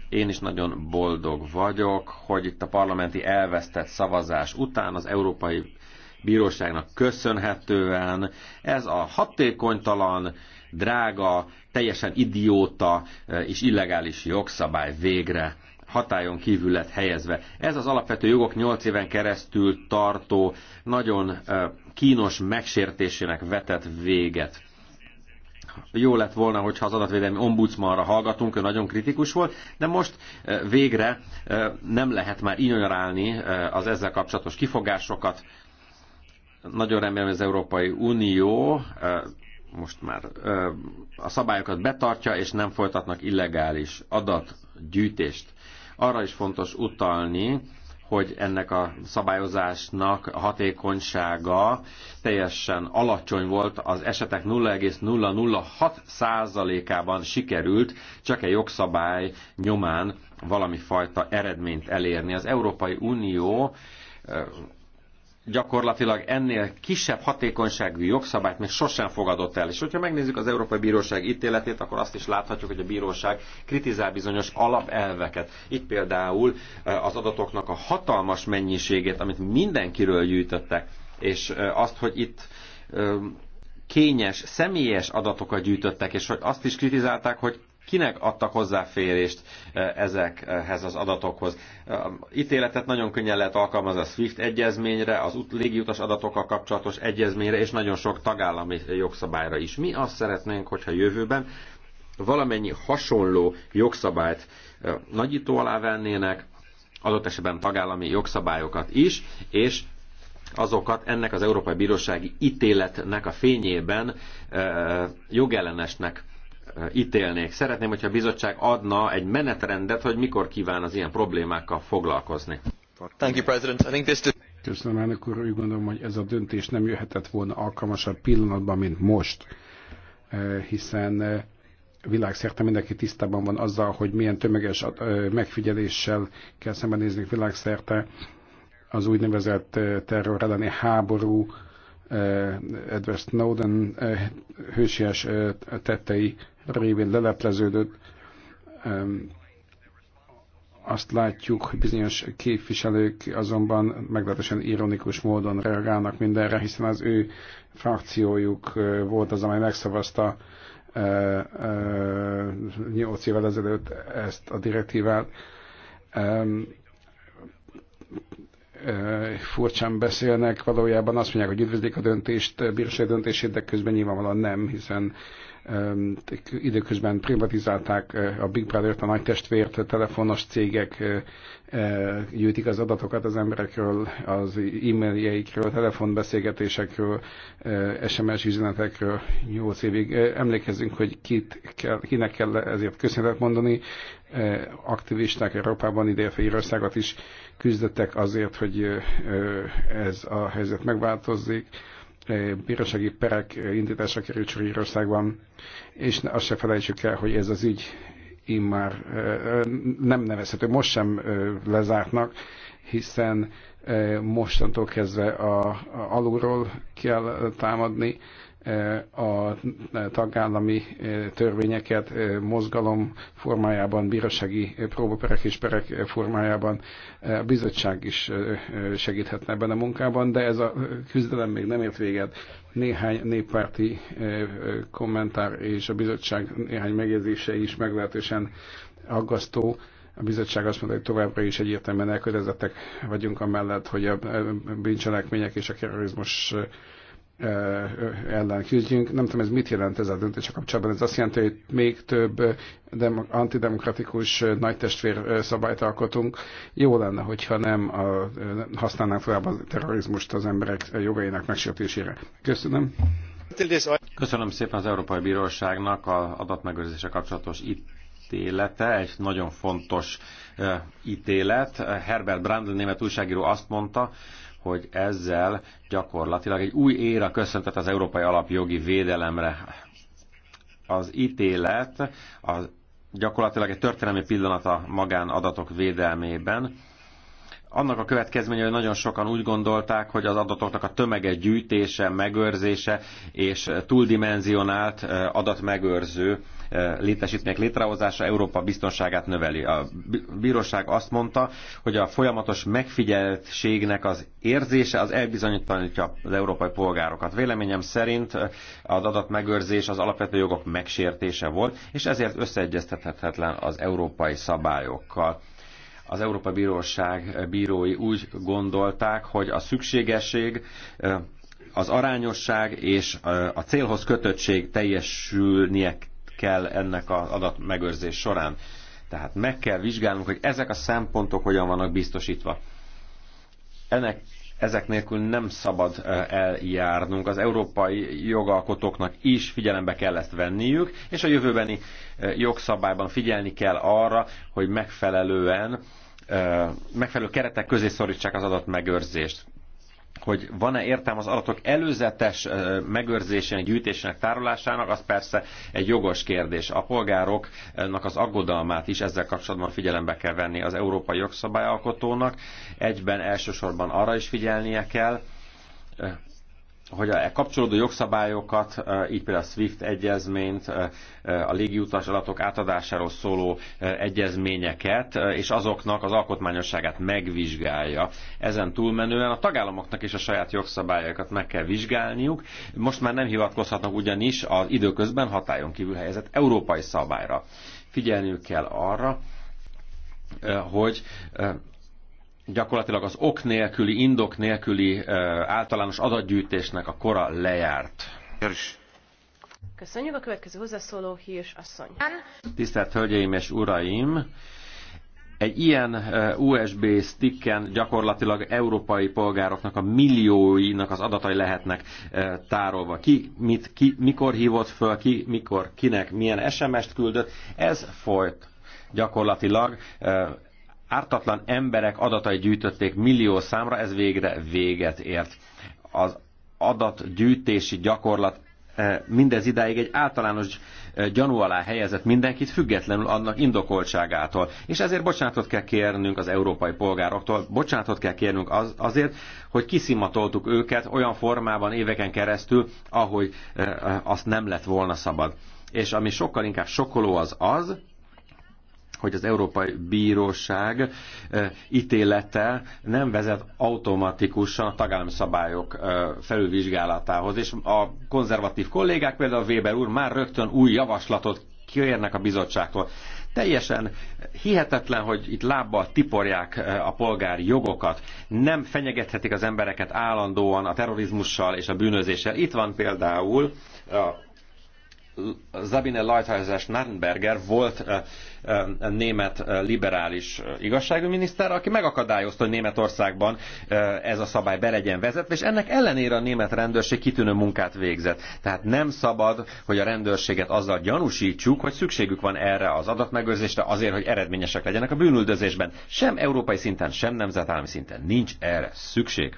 Speaker 2: Én is nagyon boldog vagyok, hogy itt a parlamenti elvesztett szavazás után az Európai Bíróságnak köszönhetően ez a hatékonytalan, drága, teljesen idióta e, és illegális jogszabály végre hatályon kívül lett helyezve. Ez az alapvető jogok 8 éven keresztül tartó, nagyon e, kínos megsértésének vetett véget jó lett volna, hogyha az adatvédelmi ombudsmanra hallgatunk, ő nagyon kritikus volt, de most e, végre nem lehet már ignorálni az ezzel kapcsolatos kifogásokat. Nagyon remélem, hogy az Európai Unió most már ö, a szabályokat betartja, és nem folytatnak illegális adatgyűjtést. Arra is fontos utalni, hogy ennek a szabályozásnak a hatékonysága teljesen alacsony volt, az esetek 0,006%-ában sikerült csak egy jogszabály nyomán valami fajta eredményt elérni. Az Európai Unió gyakorlatilag ennél kisebb hatékonyságú jogszabályt még sosem fogadott el. És hogyha megnézzük az Európai Bíróság ítéletét, akkor azt is láthatjuk, hogy a bíróság kritizál bizonyos alapelveket. Itt például eh, az adatoknak a hatalmas mennyiségét, amit mindenkiről gyűjtöttek, és eh, azt, hogy itt eh, kényes, személyes adatokat gyűjtöttek, és hogy azt is kritizálták, hogy kinek adtak hozzáférést e, ezekhez az adatokhoz. E, ítéletet nagyon könnyen lehet alkalmazni a SWIFT egyezményre, az légiutas adatokkal kapcsolatos egyezményre, és nagyon sok tagállami jogszabályra is. Mi azt szeretnénk, hogyha jövőben valamennyi hasonló jogszabályt e, nagyító alá vennének, adott esetben tagállami jogszabályokat is, és azokat ennek az Európai Bírósági ítéletnek a fényében jogellenesnek ítélnék. Szeretném, hogyha a bizottság adna egy menetrendet, hogy mikor kíván az ilyen problémákkal foglalkozni. Thank you, President. I think this
Speaker 3: Köszönöm, elnök úr. Úgy gondolom, hogy ez a döntés nem jöhetett volna alkalmasabb pillanatban, mint most, eh, hiszen eh, világszerte mindenki tisztában van azzal, hogy milyen tömeges eh, megfigyeléssel kell szembenézni világszerte az úgynevezett terror elleni háború, Edward Snowden hősies tettei révén lelepleződött. Azt látjuk, hogy bizonyos képviselők azonban meglehetősen ironikus módon reagálnak mindenre, hiszen az ő frakciójuk volt az, amely megszavazta 8 évvel ezelőtt ezt a direktívát furcsán beszélnek, valójában azt mondják, hogy üdvözlik a döntést, bírósági döntését, de közben nyilvánvalóan nem, hiszen időközben privatizálták a Big Brother-t, a nagy testvért, a telefonos cégek gyűjtik az adatokat az emberekről, az e-mailjeikről, telefonbeszélgetésekről, SMS üzenetekről 8 évig. Emlékezzünk, hogy kit kell, kinek kell ezért köszönetet mondani. Aktivisták Európában, ideértve Írországot is küzdöttek azért, hogy ez a helyzet megváltozzék Eh, bírósági perek eh, indításra került sor és azt se felejtsük el, hogy ez az ügy immár eh, nem nevezhető, most sem lezártnak, hiszen mostantól kezdve a, a alulról kell támadni, a tagállami törvényeket mozgalom formájában, bírósági próbaperek és perek formájában a bizottság is segíthetne ebben a munkában, de ez a küzdelem még nem ért véget. Néhány néppárti kommentár és a bizottság néhány megjegyzése is meglehetősen aggasztó. A bizottság azt mondta, hogy továbbra is egyértelműen elkötelezettek vagyunk amellett, hogy a bűncselekmények és a terrorizmus ellen küzdjünk. Nem tudom, ez mit jelent ez a döntés a kapcsolatban. Ez azt jelenti, hogy még több antidemokratikus nagy testvér szabályt alkotunk. Jó lenne, hogyha nem a, használnánk tovább a terrorizmust az emberek jogainak megsértésére. Köszönöm.
Speaker 2: Köszönöm szépen az Európai Bíróságnak az adatmegőrzése kapcsolatos itt ítélete, egy nagyon fontos ítélet. Herbert Brandl német újságíró azt mondta, hogy ezzel gyakorlatilag egy új éra köszöntet az európai alapjogi védelemre. Az ítélet az gyakorlatilag egy történelmi pillanat a magánadatok védelmében annak a következménye, hogy nagyon sokan úgy gondolták, hogy az adatoknak a tömege gyűjtése, megőrzése és túldimenzionált eh, adatmegőrző eh, létesítmények létrehozása Európa biztonságát növeli. A bíróság azt mondta, hogy a folyamatos megfigyeltségnek az érzése az elbizonyítanítja az európai polgárokat. Véleményem szerint eh, az adatmegőrzés az alapvető jogok megsértése volt, és ezért összeegyeztethetetlen az európai szabályokkal az Európa Bíróság bírói úgy gondolták, hogy a szükségesség az arányosság és a célhoz kötöttség teljesülnie kell ennek az adatmegőrzés során. Tehát meg kell vizsgálnunk, hogy ezek a szempontok hogyan vannak biztosítva. Ennek ezek nélkül nem szabad eljárnunk. Az európai jogalkotóknak is figyelembe kell ezt venniük, és a jövőbeni jogszabályban figyelni kell arra, hogy megfelelően megfelelő keretek közé szorítsák az adatmegőrzést hogy van-e értelme az adatok előzetes megőrzésének, gyűjtésének, tárolásának, az persze egy jogos kérdés. A polgároknak az aggodalmát is ezzel kapcsolatban figyelembe kell venni az európai jogszabályalkotónak. Egyben elsősorban arra is figyelnie kell, hogy a kapcsolódó jogszabályokat, e, így például a SWIFT egyezményt, e, e, a légiutas adatok átadásáról szóló egyezményeket, és azoknak az alkotmányosságát megvizsgálja. Ezen túlmenően a tagállamoknak is a saját jogszabályokat meg kell vizsgálniuk. Most már nem hivatkozhatnak ugyanis az időközben hatályon kívül helyezett európai szabályra. Figyelniük kell arra, hogy gyakorlatilag az ok nélküli, indok nélküli általános adatgyűjtésnek a kora lejárt.
Speaker 1: Köszönjük a következő hozzászóló hírs asszony.
Speaker 2: Tisztelt Hölgyeim és Uraim! Egy ilyen USB sticken gyakorlatilag európai polgároknak a millióinak az adatai lehetnek tárolva. Ki, mit, ki, mikor hívott föl, ki, mikor, kinek, milyen SMS-t küldött. Ez folyt gyakorlatilag ártatlan emberek adatai gyűjtötték millió számra, ez végre véget ért. Az adatgyűjtési gyakorlat eh, mindez idáig egy általános eh, gyanú alá helyezett mindenkit, függetlenül annak indokoltságától. És ezért bocsánatot kell kérnünk az európai polgároktól, bocsánatot kell kérnünk az, azért, hogy kiszimatoltuk őket olyan formában éveken keresztül, ahogy eh, azt nem lett volna szabad. És ami sokkal inkább sokkoló az az, hogy az Európai Bíróság eh, ítélete nem vezet automatikusan a tagállami szabályok eh, felülvizsgálatához, és a konzervatív kollégák, például Weber úr már rögtön új javaslatot kérnek a bizottságtól. Teljesen hihetetlen, hogy itt lábbal tiporják eh, a polgári jogokat. Nem fenyegethetik az embereket állandóan a terrorizmussal és a bűnözéssel. Itt van például a Zabine Lighthizer Schnarrenberger volt német liberális igazságügyminiszter, aki megakadályozta, hogy Németországban ez a szabály be legyen vezetve, és ennek ellenére a német rendőrség kitűnő munkát végzett. Tehát nem szabad, hogy a rendőrséget azzal gyanúsítsuk, hogy szükségük van erre az adatmegőrzésre azért, hogy eredményesek legyenek a bűnüldözésben. Sem európai szinten, sem nemzetállami szinten nincs erre szükség.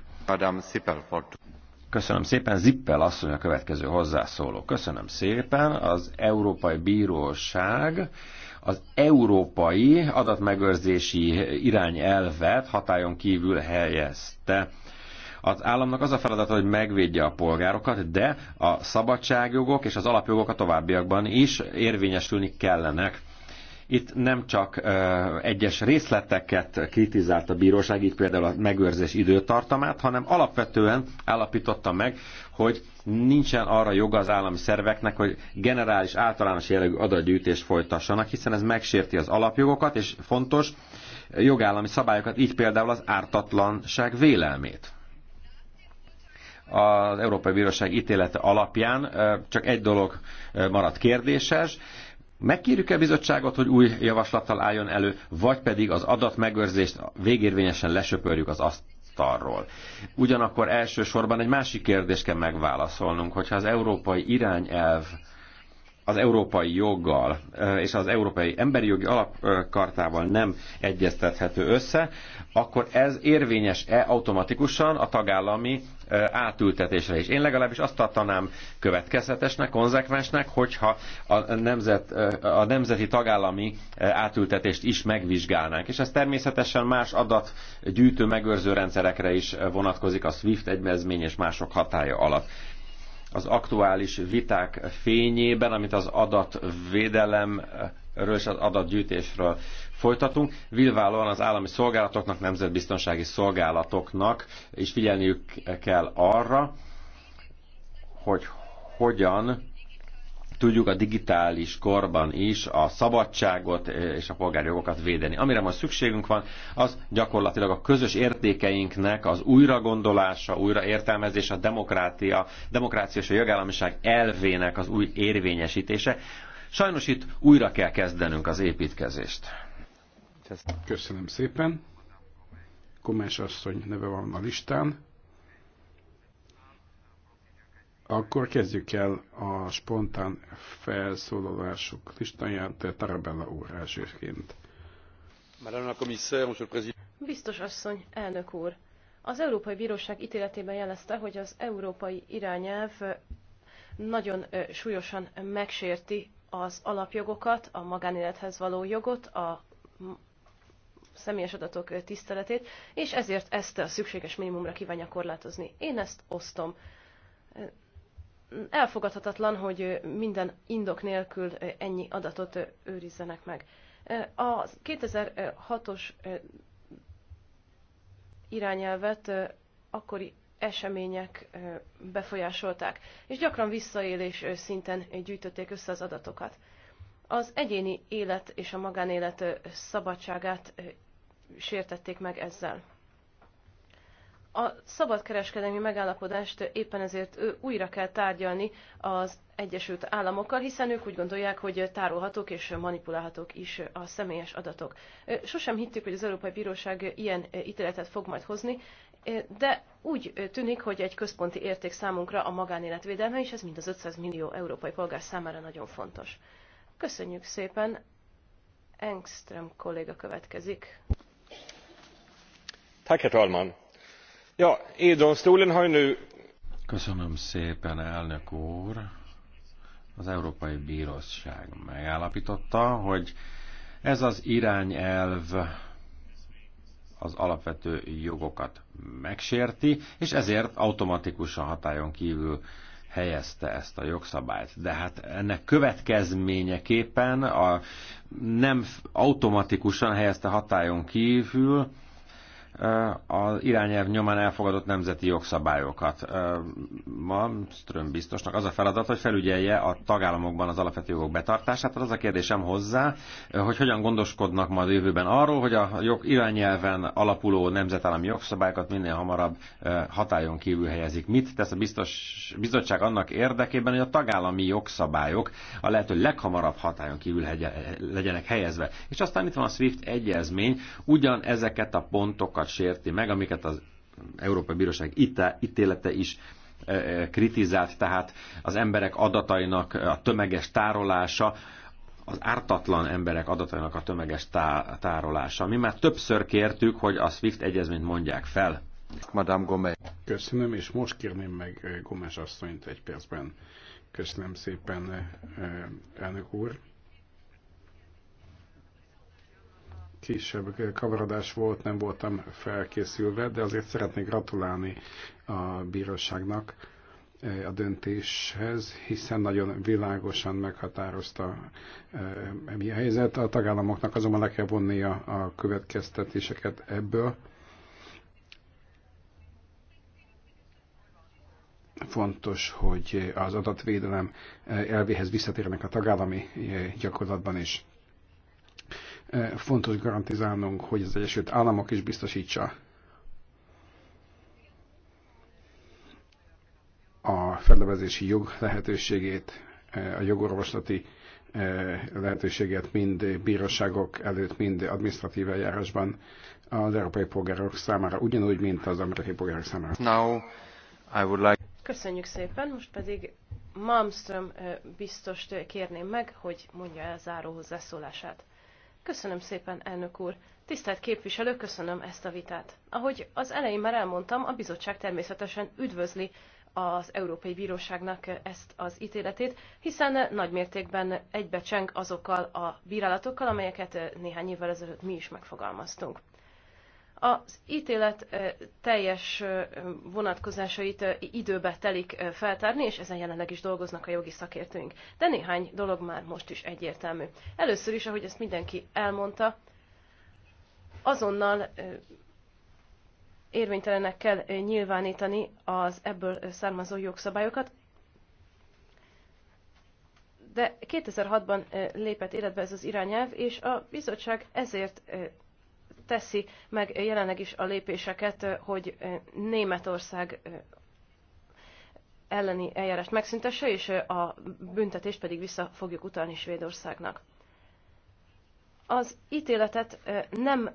Speaker 2: Köszönöm szépen, Zippel asszony a következő hozzászóló. Köszönöm szépen, az Európai Bíróság az európai adatmegőrzési irányelvet hatályon kívül helyezte. Az államnak az a feladata, hogy megvédje a polgárokat, de a szabadságjogok és az alapjogok a továbbiakban is érvényesülni kellenek. Itt nem csak egyes részleteket kritizált a bíróság, így például a megőrzés időtartamát, hanem alapvetően állapította meg, hogy nincsen arra joga az állami szerveknek, hogy generális általános jellegű adatgyűjtést folytassanak, hiszen ez megsérti az alapjogokat, és fontos jogállami szabályokat, így például az ártatlanság vélelmét az Európai Bíróság ítélete alapján csak egy dolog maradt kérdéses, Megkérjük-e a bizottságot, hogy új javaslattal álljon elő, vagy pedig az adatmegőrzést végérvényesen lesöpörjük az asztalról. Ugyanakkor elsősorban egy másik kérdést kell megválaszolnunk, hogyha az európai irányelv az európai joggal eh, és az európai emberi jogi alapkartával nem egyeztethető össze, akkor ez érvényes-e automatikusan a tagállami eh, átültetésre is. Én legalábbis azt tartanám következetesnek, konzekvensnek, hogyha a, nemzet, eh, a nemzeti tagállami átültetést is megvizsgálnánk. És ez természetesen más adatgyűjtő megőrző rendszerekre is vonatkozik a SWIFT egymezmény és mások hatája alatt az aktuális viták fényében, amit az adatvédelemről és az adatgyűjtésről folytatunk. Vilválóan az állami szolgálatoknak, nemzetbiztonsági szolgálatoknak is figyelniük kell arra, hogy hogyan tudjuk a digitális korban is a szabadságot eh, és a polgári jogokat védeni. Amire most szükségünk van, az gyakorlatilag a közös értékeinknek az újragondolása, újraértelmezése, a demokrácia, demokrácia és a jogállamiság elvének az új érvényesítése. Sajnos itt újra kell kezdenünk az építkezést.
Speaker 3: Köszönöm szépen. Komás asszony neve van a listán. Akkor kezdjük el a spontán felszólalások listáját Tarabella úr elsőként.
Speaker 2: Madame la commissaire, monsieur le président.
Speaker 1: Biztos asszony, elnök úr. Az Európai Bíróság ítéletében jelezte, hogy az európai irányelv nagyon súlyosan megsérti az alapjogokat, a magánélethez való jogot, a személyes adatok tiszteletét, és ezért ezt a szükséges minimumra kívánja korlátozni. Én ezt osztom elfogadhatatlan, hogy minden indok nélkül ennyi adatot őrizzenek meg. A 2006-os irányelvet akkori események befolyásolták, és gyakran visszaélés szinten gyűjtötték össze az adatokat. Az egyéni élet és a magánélet szabadságát sértették meg ezzel. A szabadkereskedelmi megállapodást éppen ezért újra kell tárgyalni az Egyesült Államokkal, hiszen ők úgy gondolják, hogy tárolhatók és manipulálhatók is a személyes adatok. Sosem hittük, hogy az Európai Bíróság ilyen ítéletet fog majd hozni, de úgy tűnik, hogy egy központi érték számunkra a magánéletvédelme, és ez mind az 500 millió európai polgár számára nagyon fontos. Köszönjük szépen! Engström kolléga következik.
Speaker 2: Tack, herr talman! Ja, domstolen har nu... Köszönöm szépen, elnök úr. Az Európai Bíróság megállapította, hogy ez az irányelv az alapvető jogokat megsérti, és ezért automatikusan hatályon kívül helyezte ezt a jogszabályt. De hát ennek következményeképpen a nem automatikusan helyezte hatályon kívül az irányelv nyomán elfogadott nemzeti jogszabályokat. Ma Ström biztosnak az a feladat, hogy felügyelje a tagállamokban az alapvető jogok betartását. Hát az a kérdésem hozzá, hogy hogyan gondoskodnak majd a jövőben arról, hogy a jog irányelven alapuló nemzetállami jogszabályokat minél hamarabb hatályon kívül helyezik. Mit tesz a biztos, bizottság annak érdekében, hogy a tagállami jogszabályok a lehető leghamarabb hatályon kívül legyenek helyezve. És aztán itt van a SWIFT egyezmény, ugyan ezeket a pontokat jogokat sérti meg, amiket az Európai Bíróság ítélete is e, e, kritizált, tehát az emberek adatainak a tömeges tárolása, az ártatlan emberek adatainak a tömeges tá- tárolása. Mi már többször kértük, hogy a SWIFT egyezményt mondják fel. Madame Gomez. Köszönöm, és
Speaker 3: most kérném meg e, Gomes asszonyt egy percben. Köszönöm szépen, elnök úr. kisebb kavarodás volt, nem voltam felkészülve, de azért szeretnék gratulálni a bíróságnak eh, a döntéshez, hiszen nagyon világosan meghatározta eh, mi a helyzet. A tagállamoknak azonban le kell a, a következtetéseket ebből. Fontos, hogy az adatvédelem eh, elvéhez visszatérnek a tagállami gyakorlatban is. Eh, fontos garantizálnunk, hogy az Egyesült Államok is biztosítsa a fellevezési jog lehetőségét, eh, a jogorvoslati eh, lehetőséget mind bíróságok előtt, mind adminisztratív eljárásban az európai polgárok számára, ugyanúgy, mint az amerikai polgárok számára.
Speaker 2: Now, I would like...
Speaker 1: Köszönjük szépen, most pedig Malmström biztos kérném meg, hogy mondja el záró hozzászólását. Köszönöm szépen, elnök úr. Tisztelt képviselő, köszönöm ezt a vitát. Ahogy az elején már elmondtam, a bizottság természetesen üdvözli az Európai Bíróságnak ezt az ítéletét, hiszen nagymértékben egybecseng azokkal a bírálatokkal, amelyeket néhány évvel ezelőtt mi is megfogalmaztunk. Az ítélet teljes vonatkozásait időbe telik feltárni, és ezen jelenleg is dolgoznak a jogi szakértőink. De néhány dolog már most is egyértelmű. Először is, ahogy ezt mindenki elmondta, azonnal érvénytelenek kell nyilvánítani az ebből származó jogszabályokat, de 2006-ban lépett életbe ez az irányelv, és a bizottság ezért teszi meg jelenleg is a lépéseket, hogy Németország elleni eljárást megszüntesse, és a büntetést pedig vissza fogjuk utalni Svédországnak. Az ítéletet nem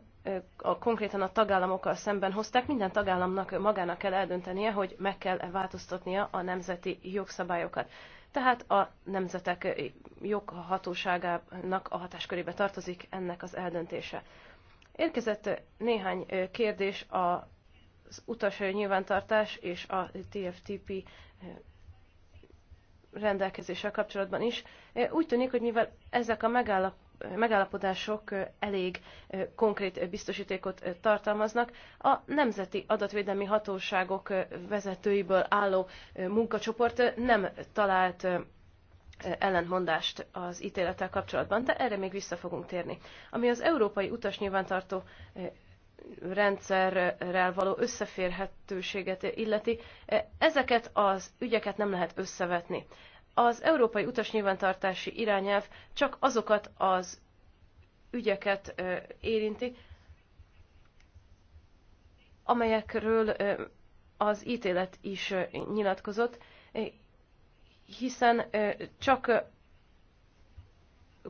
Speaker 1: a, konkrétan a tagállamokkal szemben hozták, minden tagállamnak magának kell eldöntenie, hogy meg kell -e változtatnia a nemzeti jogszabályokat. Tehát a nemzetek joghatóságának a hatáskörébe tartozik ennek az eldöntése. Érkezett néhány kérdés az utas nyilvántartás és a TFTP rendelkezéssel kapcsolatban is. Úgy tűnik, hogy mivel ezek a megállap, megállapodások elég konkrét biztosítékot tartalmaznak, a Nemzeti Adatvédelmi Hatóságok vezetőiből álló munkacsoport nem talált ellentmondást az ítélettel kapcsolatban, de erre még vissza fogunk térni. Ami az európai utas nyilvántartó eh, rendszerrel való összeférhetőséget illeti, eh, ezeket az ügyeket nem lehet összevetni. Az európai utas nyilvántartási irányelv csak azokat az ügyeket eh, érinti, amelyekről az ítélet is nyilatkozott, hiszen csak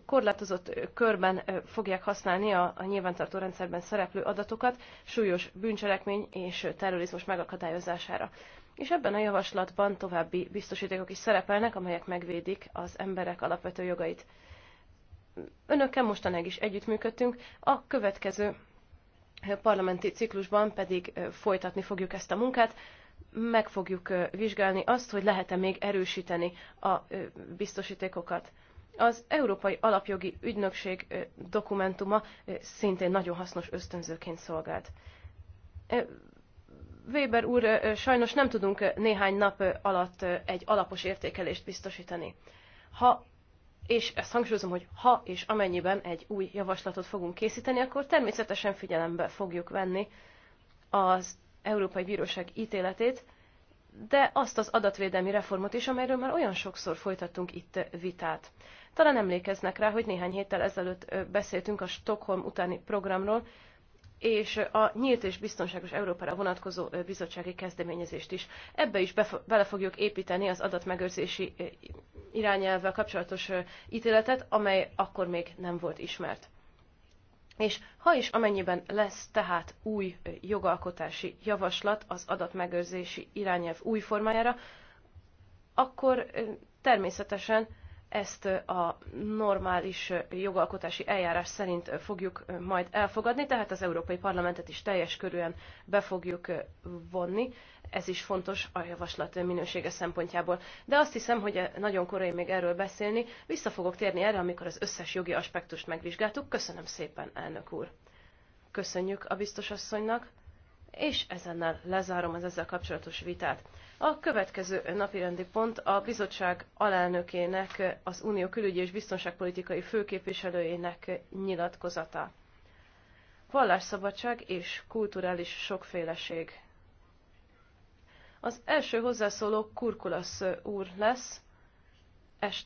Speaker 1: korlátozott körben fogják használni a, nyilvántartó rendszerben szereplő adatokat súlyos bűncselekmény és terrorizmus megakadályozására. És ebben a javaslatban további biztosítékok is szerepelnek, amelyek megvédik az emberek alapvető jogait. Önökkel mostanáig is együttműködtünk, a következő parlamenti ciklusban pedig folytatni fogjuk ezt a munkát meg fogjuk vizsgálni azt, hogy lehet-e még erősíteni a biztosítékokat. Az Európai Alapjogi Ügynökség dokumentuma szintén nagyon hasznos ösztönzőként szolgált. Weber úr, sajnos nem tudunk néhány nap alatt egy alapos értékelést biztosítani. Ha, és ezt hangsúlyozom, hogy ha és amennyiben egy új javaslatot fogunk készíteni, akkor természetesen figyelembe fogjuk venni az Európai Bíróság ítéletét, de azt az adatvédelmi reformot is, amelyről már olyan sokszor folytattunk itt vitát. Talán emlékeznek rá, hogy néhány héttel ezelőtt beszéltünk a Stockholm utáni programról, és a nyílt és biztonságos Európára vonatkozó bizottsági kezdeményezést is. Ebbe is bele fogjuk építeni az adatmegőrzési irányelvvel kapcsolatos ítéletet, amely akkor még nem volt ismert. És ha is amennyiben lesz tehát új jogalkotási javaslat az adatmegőrzési irányelv új formájára, akkor természetesen ezt a normális jogalkotási eljárás szerint fogjuk majd elfogadni, tehát az Európai Parlamentet is teljes körűen be fogjuk vonni. Ez is fontos a javaslat minősége szempontjából. De azt hiszem, hogy nagyon korai még erről beszélni. Vissza fogok térni erre, amikor az összes jogi aspektust megvizsgáltuk. Köszönöm szépen, elnök úr. Köszönjük a biztos asszonynak, és ezennel lezárom az ezzel kapcsolatos vitát. A következő napirendi pont a bizottság alelnökének, az Unió külügyi és biztonságpolitikai főképviselőjének nyilatkozata. Vallásszabadság és kulturális sokféleség. Az első hozzászóló Kurkulasz úr lesz,